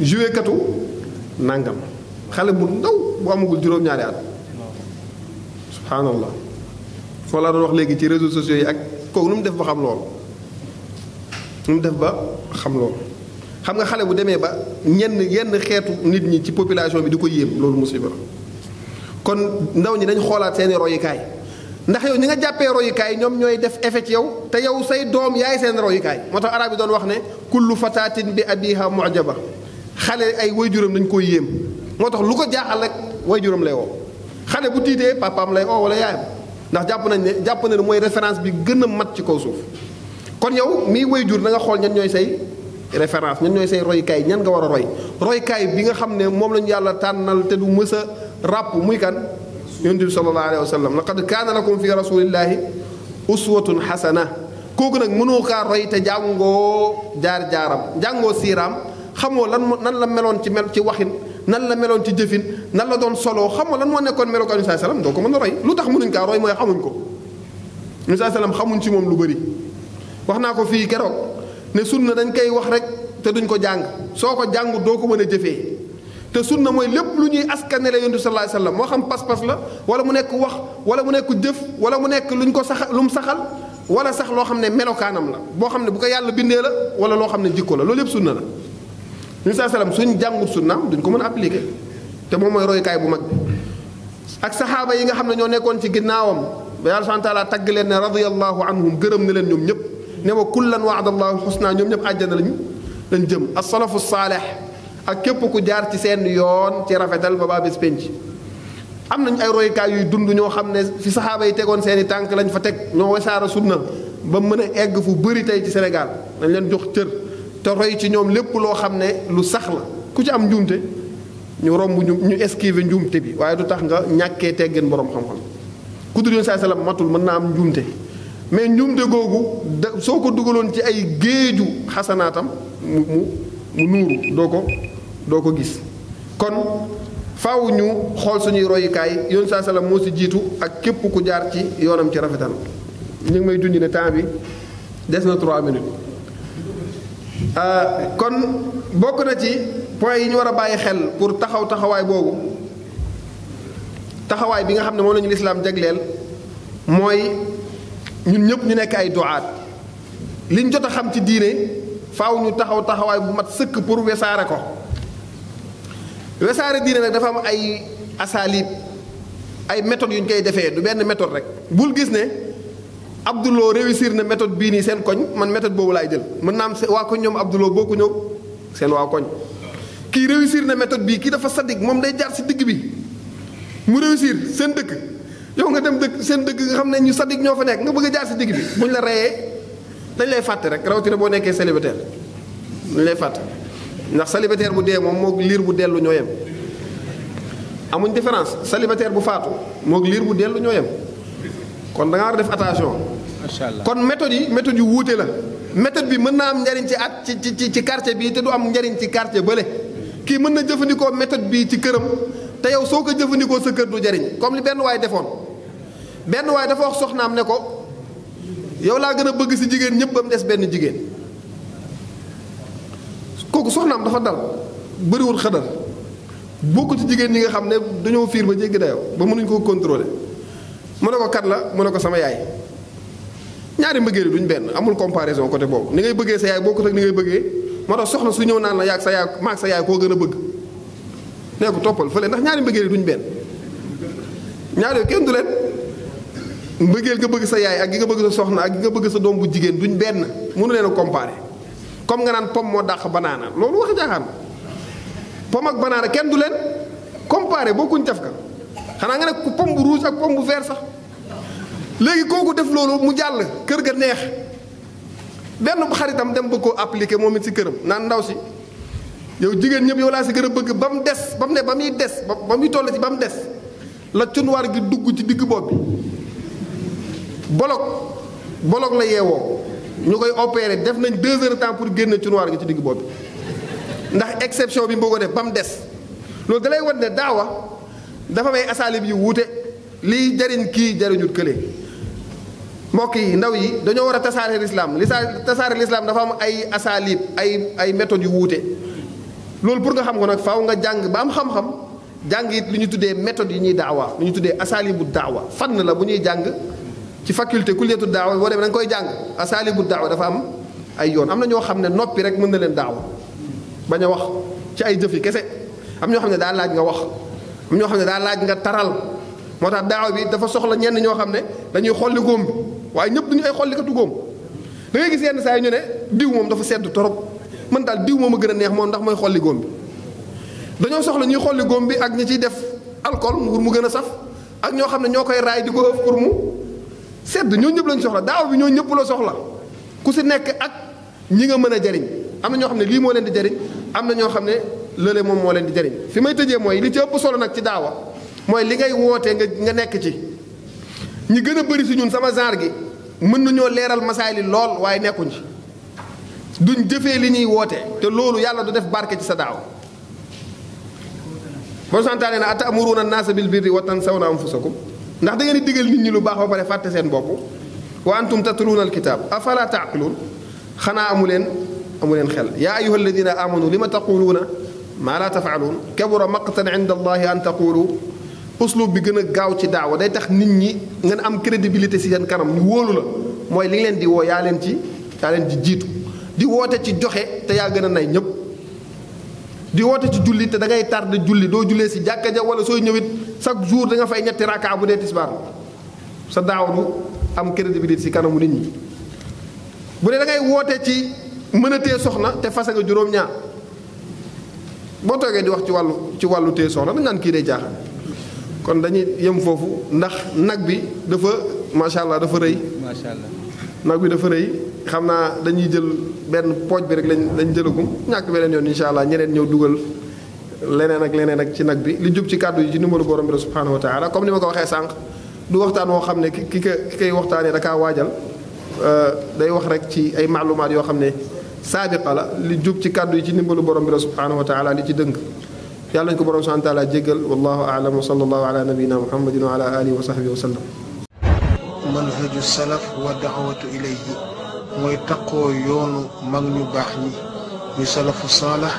joué katu nàngam xale bu ndaw bu amagul juróom-ñaari at subhaanallah foo laa doon wax léegi ci réseaux sociaux yi ak kooku nu mu def ba xam loolu nu mu def ba xam loolu xam nga xale bu demee ba ñenn yenn xeetu nit ñi ci population bi di ko yéem loolu musiba kon ndaw ñi dañ xoolaat seeni royukaay ndax yow ñi nga jàppee royukaay ñoom ñooy def effet ci yow te yow say doom yaay seen royukaay moo tax arab yi doon wax ne kullu fatatin bi abiha mujaba xale ay wayjuram dañ koy yéem moo tax lu ko jaaxal rek wayjuram lay woo xale bu tiitee papaam lay oo wala yaayam ndax jàpp nañ ne jàpp nañ mooy référence bi gën a mat ci kaw suuf kon yow mii woy jur da xool ñan ñooy say référence ñan ñooy say roykaay ñan nga war a roy roykaay bi nga xam ne moom lañu yàlla tànnal te du mësa a ràpp muy kan yonent bi sallallahu alayhi wa sallam laqad kaana lakum fi rasulillahi uswatun xasana kooku nag mënoo kaa roy te ngoo jaar jaaram jàngoo siiraam xamoo lan nan la meloon ci mel ci waxin nan la meloon ci jëfin nan la doon soloo xam lan moo nekkoon melokaanu Musaa salaam doo ko mën a roy lu tax mënuñ kaa roy mooy xamuñ ko Musaa salaam xamuñ ci moom lu bëri wax naa ko fii keroog ne sunna dañ koy wax rek te duñ ko jàng soo ko jàngut doo ko mën a jëfee te sunna mooy lépp lu ñuy la yontu sallallahu alayhi wasallam moo xam pas-pas la wala mu nekk wax wala mu nekk jëf wala mu nekk luñ ko sax lu mu saxal wala sax loo xam ne melokaanam la boo xam ne bu ko yàlla bindee la wala loo xam ne jikko la loolu yëpp sunna la ñu saa salaam suñ jàngut sunna duñ ko mën appliquer te moom mooy royukaay bu mag bi ak saxaaba yi nga xam ne ñoo nekkoon ci ginnaawam ba yàlla subhanahu taala tagg leen ne radiyallahu anhum gërëm na leen ñoom ñëpp ne wa kullan waada allahu xusna ñoom ñëpp àjjana lañu lañ jëm asalafu saaleh ak képp ku jaar ci seen yoon ci rafetal ba baa bés penc am nañ ay royukaay yuy dund ñoo xam ne fi saxaaba yi tegoon seen i tànk lañ fa teg ñoo wasaara sunna ba mën a egg fu bëri tey ci Sénégal dañ leen jox cër te roy ci ñoom lépp loo xam ne lu sax la ku ci am njuumte ñu romb ñu ñu esquiver njuumte bi waaye du tax nga ñàkkee teggeen boroom xam-xam ku dul yoon saa salaam matul mën naa am njuumte mais njuumte googu da soo ko dugaloon ci ay géeju xasanaatam mu mu nuuru doo ko doo ko gis kon faw ñu xool suñuy royukaay yoon saa salaam moo ci jiitu ak képp ku jaar ci yoonam ci rafetal ñu ngi may dund ne temps bi des na 3 minutes. Euh, kon bokk na ci point yi ñu war a bàyyi xel pour taxaw taxawaay boobu taxawaay bi nga xam ne moom la ñu lislaam mooy ñun ñëpp ñu nekk ay duaat liñ jot a xam ci diine faaw ñu taxaw taxawaay bu mat sëkk pour wesaare ko wesaare diine nag dafa am ay asaalib ay méthodes yu ñu koy defee du benn méthode rek bul gis ne. Abdoulou réussir na méthode bii nii seen koñ man méthode boobu laay jël mën naa am waa koñ ñoom Abdoulou boo ko ñëw seen waa koñ kii réussir na méthode bii kii dafa sadik moom day jaar si digg bi mu réussir seen dëkk yow nga dem dëkk seen dëkk nga xam ne ñu sadik ñoo fa nekk nga bëgg jaar si digg bi buñ la reyee dañ lay fàtte rek rawatina boo nekkee célibataire dañ lay fàtte ndax célibataire bu dee moom moog liir bu dellu ñoo yem amuñ différence célibataire bu faatu moog liir bu dellu ñoo yem kon da def attention. macha kon méthode yi méthode yu wuute la. méthode bi mën naa am njariñ ci at ci ci ci quartier bii te du am njariñ ci quartier bële kii mën na jëfandikoo méthode bi ci këram te yow soo ko jëfandikoo sa kër du jariñ comme li benn waay defoon benn waay dafa wax soxnaam ne ko yow laa gën a bëgg si jigéen ñëpp ba des benn jigéen kooku soxnaam dafa dal bëriwul xëdal bokk ci jigéen ñi nga xam ne dañoo fiir ba jéggi dayoo ba mënuñ ko contrôler mu ko kan la mu ko sama yaay ñaari mbëggeel duñ ben, amul comparaison côté bobu ni ngay bëggee sa yaay bokkut ak ni ngay bëggee moo tax soxna su ñëw naan la yaak sa yaay maag sa yaay ko gëna bëgg neeku topal fele ndax ñaari mbëggeel duñ ben ñaari kën du len mbëggeel nga bëgg sa yaay ak gi nga bëgg sa soxna ak gi nga bëgg sa doom bu jigen duñ ben mënu leen comparer comme nga naan pom mo dakh banana loolu wax jaxam pom ak banana kën du len comparer bokkuñ tafka xanaa nga ne ku pomme bu ruus ak pomme bu feer sax léegi kooku def loolu mu jàll kër ga neex benn xaritam dem bëgg koo appliquer moom it si këram naan ndaw si yow jigéen ñëpp yow laa si gën a bëgg ba mu des ba mu ne ba muy des ba muy toll ci ba mu des la cunwaar gi dugg ci diggu bopp bi bolog bolog la yeewoo ñu koy opéré def nañ deux heures temps pour génne cunwaar gi ci digg bopp bi ndax exception bi mu ko def ba mu des loolu da lay wan ne daawa. dafa may asaalib yu wuute liy jariñ kii jariñut kële mbokk yi ndaw yi dañoo war a tasaare lislaam li tasaare lislaam dafa am ay asaalib ay ay méthodes yu wuute loolu pour nga xam ko nag faw nga jàng ba am xam-xam jàng it lu ñu tuddee méthodes yi ñuy daawa lu ñu tuddee asaalibu daawa fànn la bu ñuy jàng ci faculté kulliyatu daawa boo demee da nga koy jàng asaalibu daawa dafa am ay yoon am na ñoo xam ne noppi rek mën na leen daawa bañ a wax ci ay jëf yi kese am ñoo xam ne daa laaj nga wax ñoo xamne da laaj nga taral motax daaw bi dafa soxla ñen ñoo xamne ne dañuy xolli góom bi waaye ñëpp duñu ay xollikatu góom da ngay gis yenn saa ñu ne diw mom dafa sedd torop man dal diw moma gëna neex mom ndax mooy xolli góom bi dañoo soxla ñuy xolli góom bi ak ñi ci def alcool mu mu gëna saf ak ñoo xamne ne ñoo koy raay di ko ëf pour mu sedd ñoo ñëpp lañ soxla daaw bi ñoo ñëpp la soxla ku ci nekk ak ñi nga mëna jariñ amna ñoo xamne li mo leen di jariñ amna ñoo xamne loolee moom moo leen di jariñ fi may tëjee mooy li ci ëpp solo nag ci daawa mooy li ngay wootee nga nga nekk ci ñi gën a bari si ñun sama genre gi mën nañoo leeral li lool waaye nekkuñ ci duñ jëfee li ñuy woote te loolu yàlla du def barke ci sa daaw a santaane na naa atamuruuna naasa bil birri wa tansawna anfusakum ndax da ngeen di digal nit ñi lu baax ba pare fàtte seen bopp wa antum tatluuna alkitaab afala taaqiluun xanaa amu leen amu leen xel yaa ayuha alladina amanu li ma taquluuna maa laa tafaaluun kabura maqtan inda allahi an taqulu uslub bi gën a gaaw ci daawa day tax nit ñi ngeen am crédibilité si seen kanam ñu wóolu la mooy li leen di woo yaa leen ci yaa leen ci jiitu di woote ci joxe te yaa gën a nay ñëpp di woote ci julli te da ngay tardé julli doo jullee si jàkka ja wala sooy ñëwit chaque jour da fay ñetti raakaa bu dee tisbaar sa daawa du am crédibilité si kanamu nit ñi bu dee da ngay woote ci mënatee soxna te fase nga bo toge di wax ci walu ci walu te soxna dañ nan ki day jaaxal kon dañuy yem fofu ndax nag bi dafa macha allah dafa rëy macha allah nag bi dafa reuy xamna dañuy jël ben poj bi rek lañ lañ jëlagum ñak benen yoon insha allah ñeneen ñew duggal leneen ak leneen ak ci nag bi li jub ci kaddu ci numéro borom bi subhanahu wa taala comme ni ma ko waxe sank du waxtaan wo xamne ki ki koy waxtaanee da wajal euh day wax rek ci ay maalumaat yo xamne sadiqa la li jub ci kàddu ci nimbalu borom bi subhanahu wa taala li ci deung yàlla ñu borom subhanahu wa taala jéggal wallahu a'lam wa sallallahu ala nabiyyina muhammadin wa ala alihi wa sahbihi wa sallam manhaju salaf wa da'watu ilayhi moy taqoo yonu mag ñu bax ñi ni salaf salih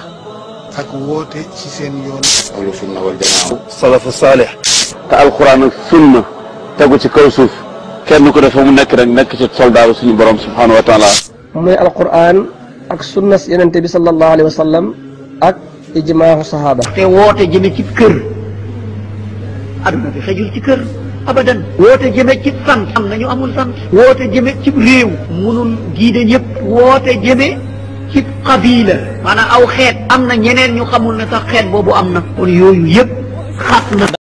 ak wote ci seen yoon ahlu sunna wal jamaa salafu saalix te alquran ak sunna tagu ci kaw suuf kenn ko defa mu nek rek nek ci soldat suñu borom subhanahu wa taala mooy alquran ak sunna yenente bi sallallahu alayhi wa sallam ak ijma'u sahaba te wote jëme ci keur aduna fi xejul ci keur abadan wote jëme ci sant am nañu amul sant wote jëme ci rew munul gide ñep wote jëme ci qabila mana aw xet amna ñeneen ñu xamul na sax xet bobu amna kon yoyu yep xat na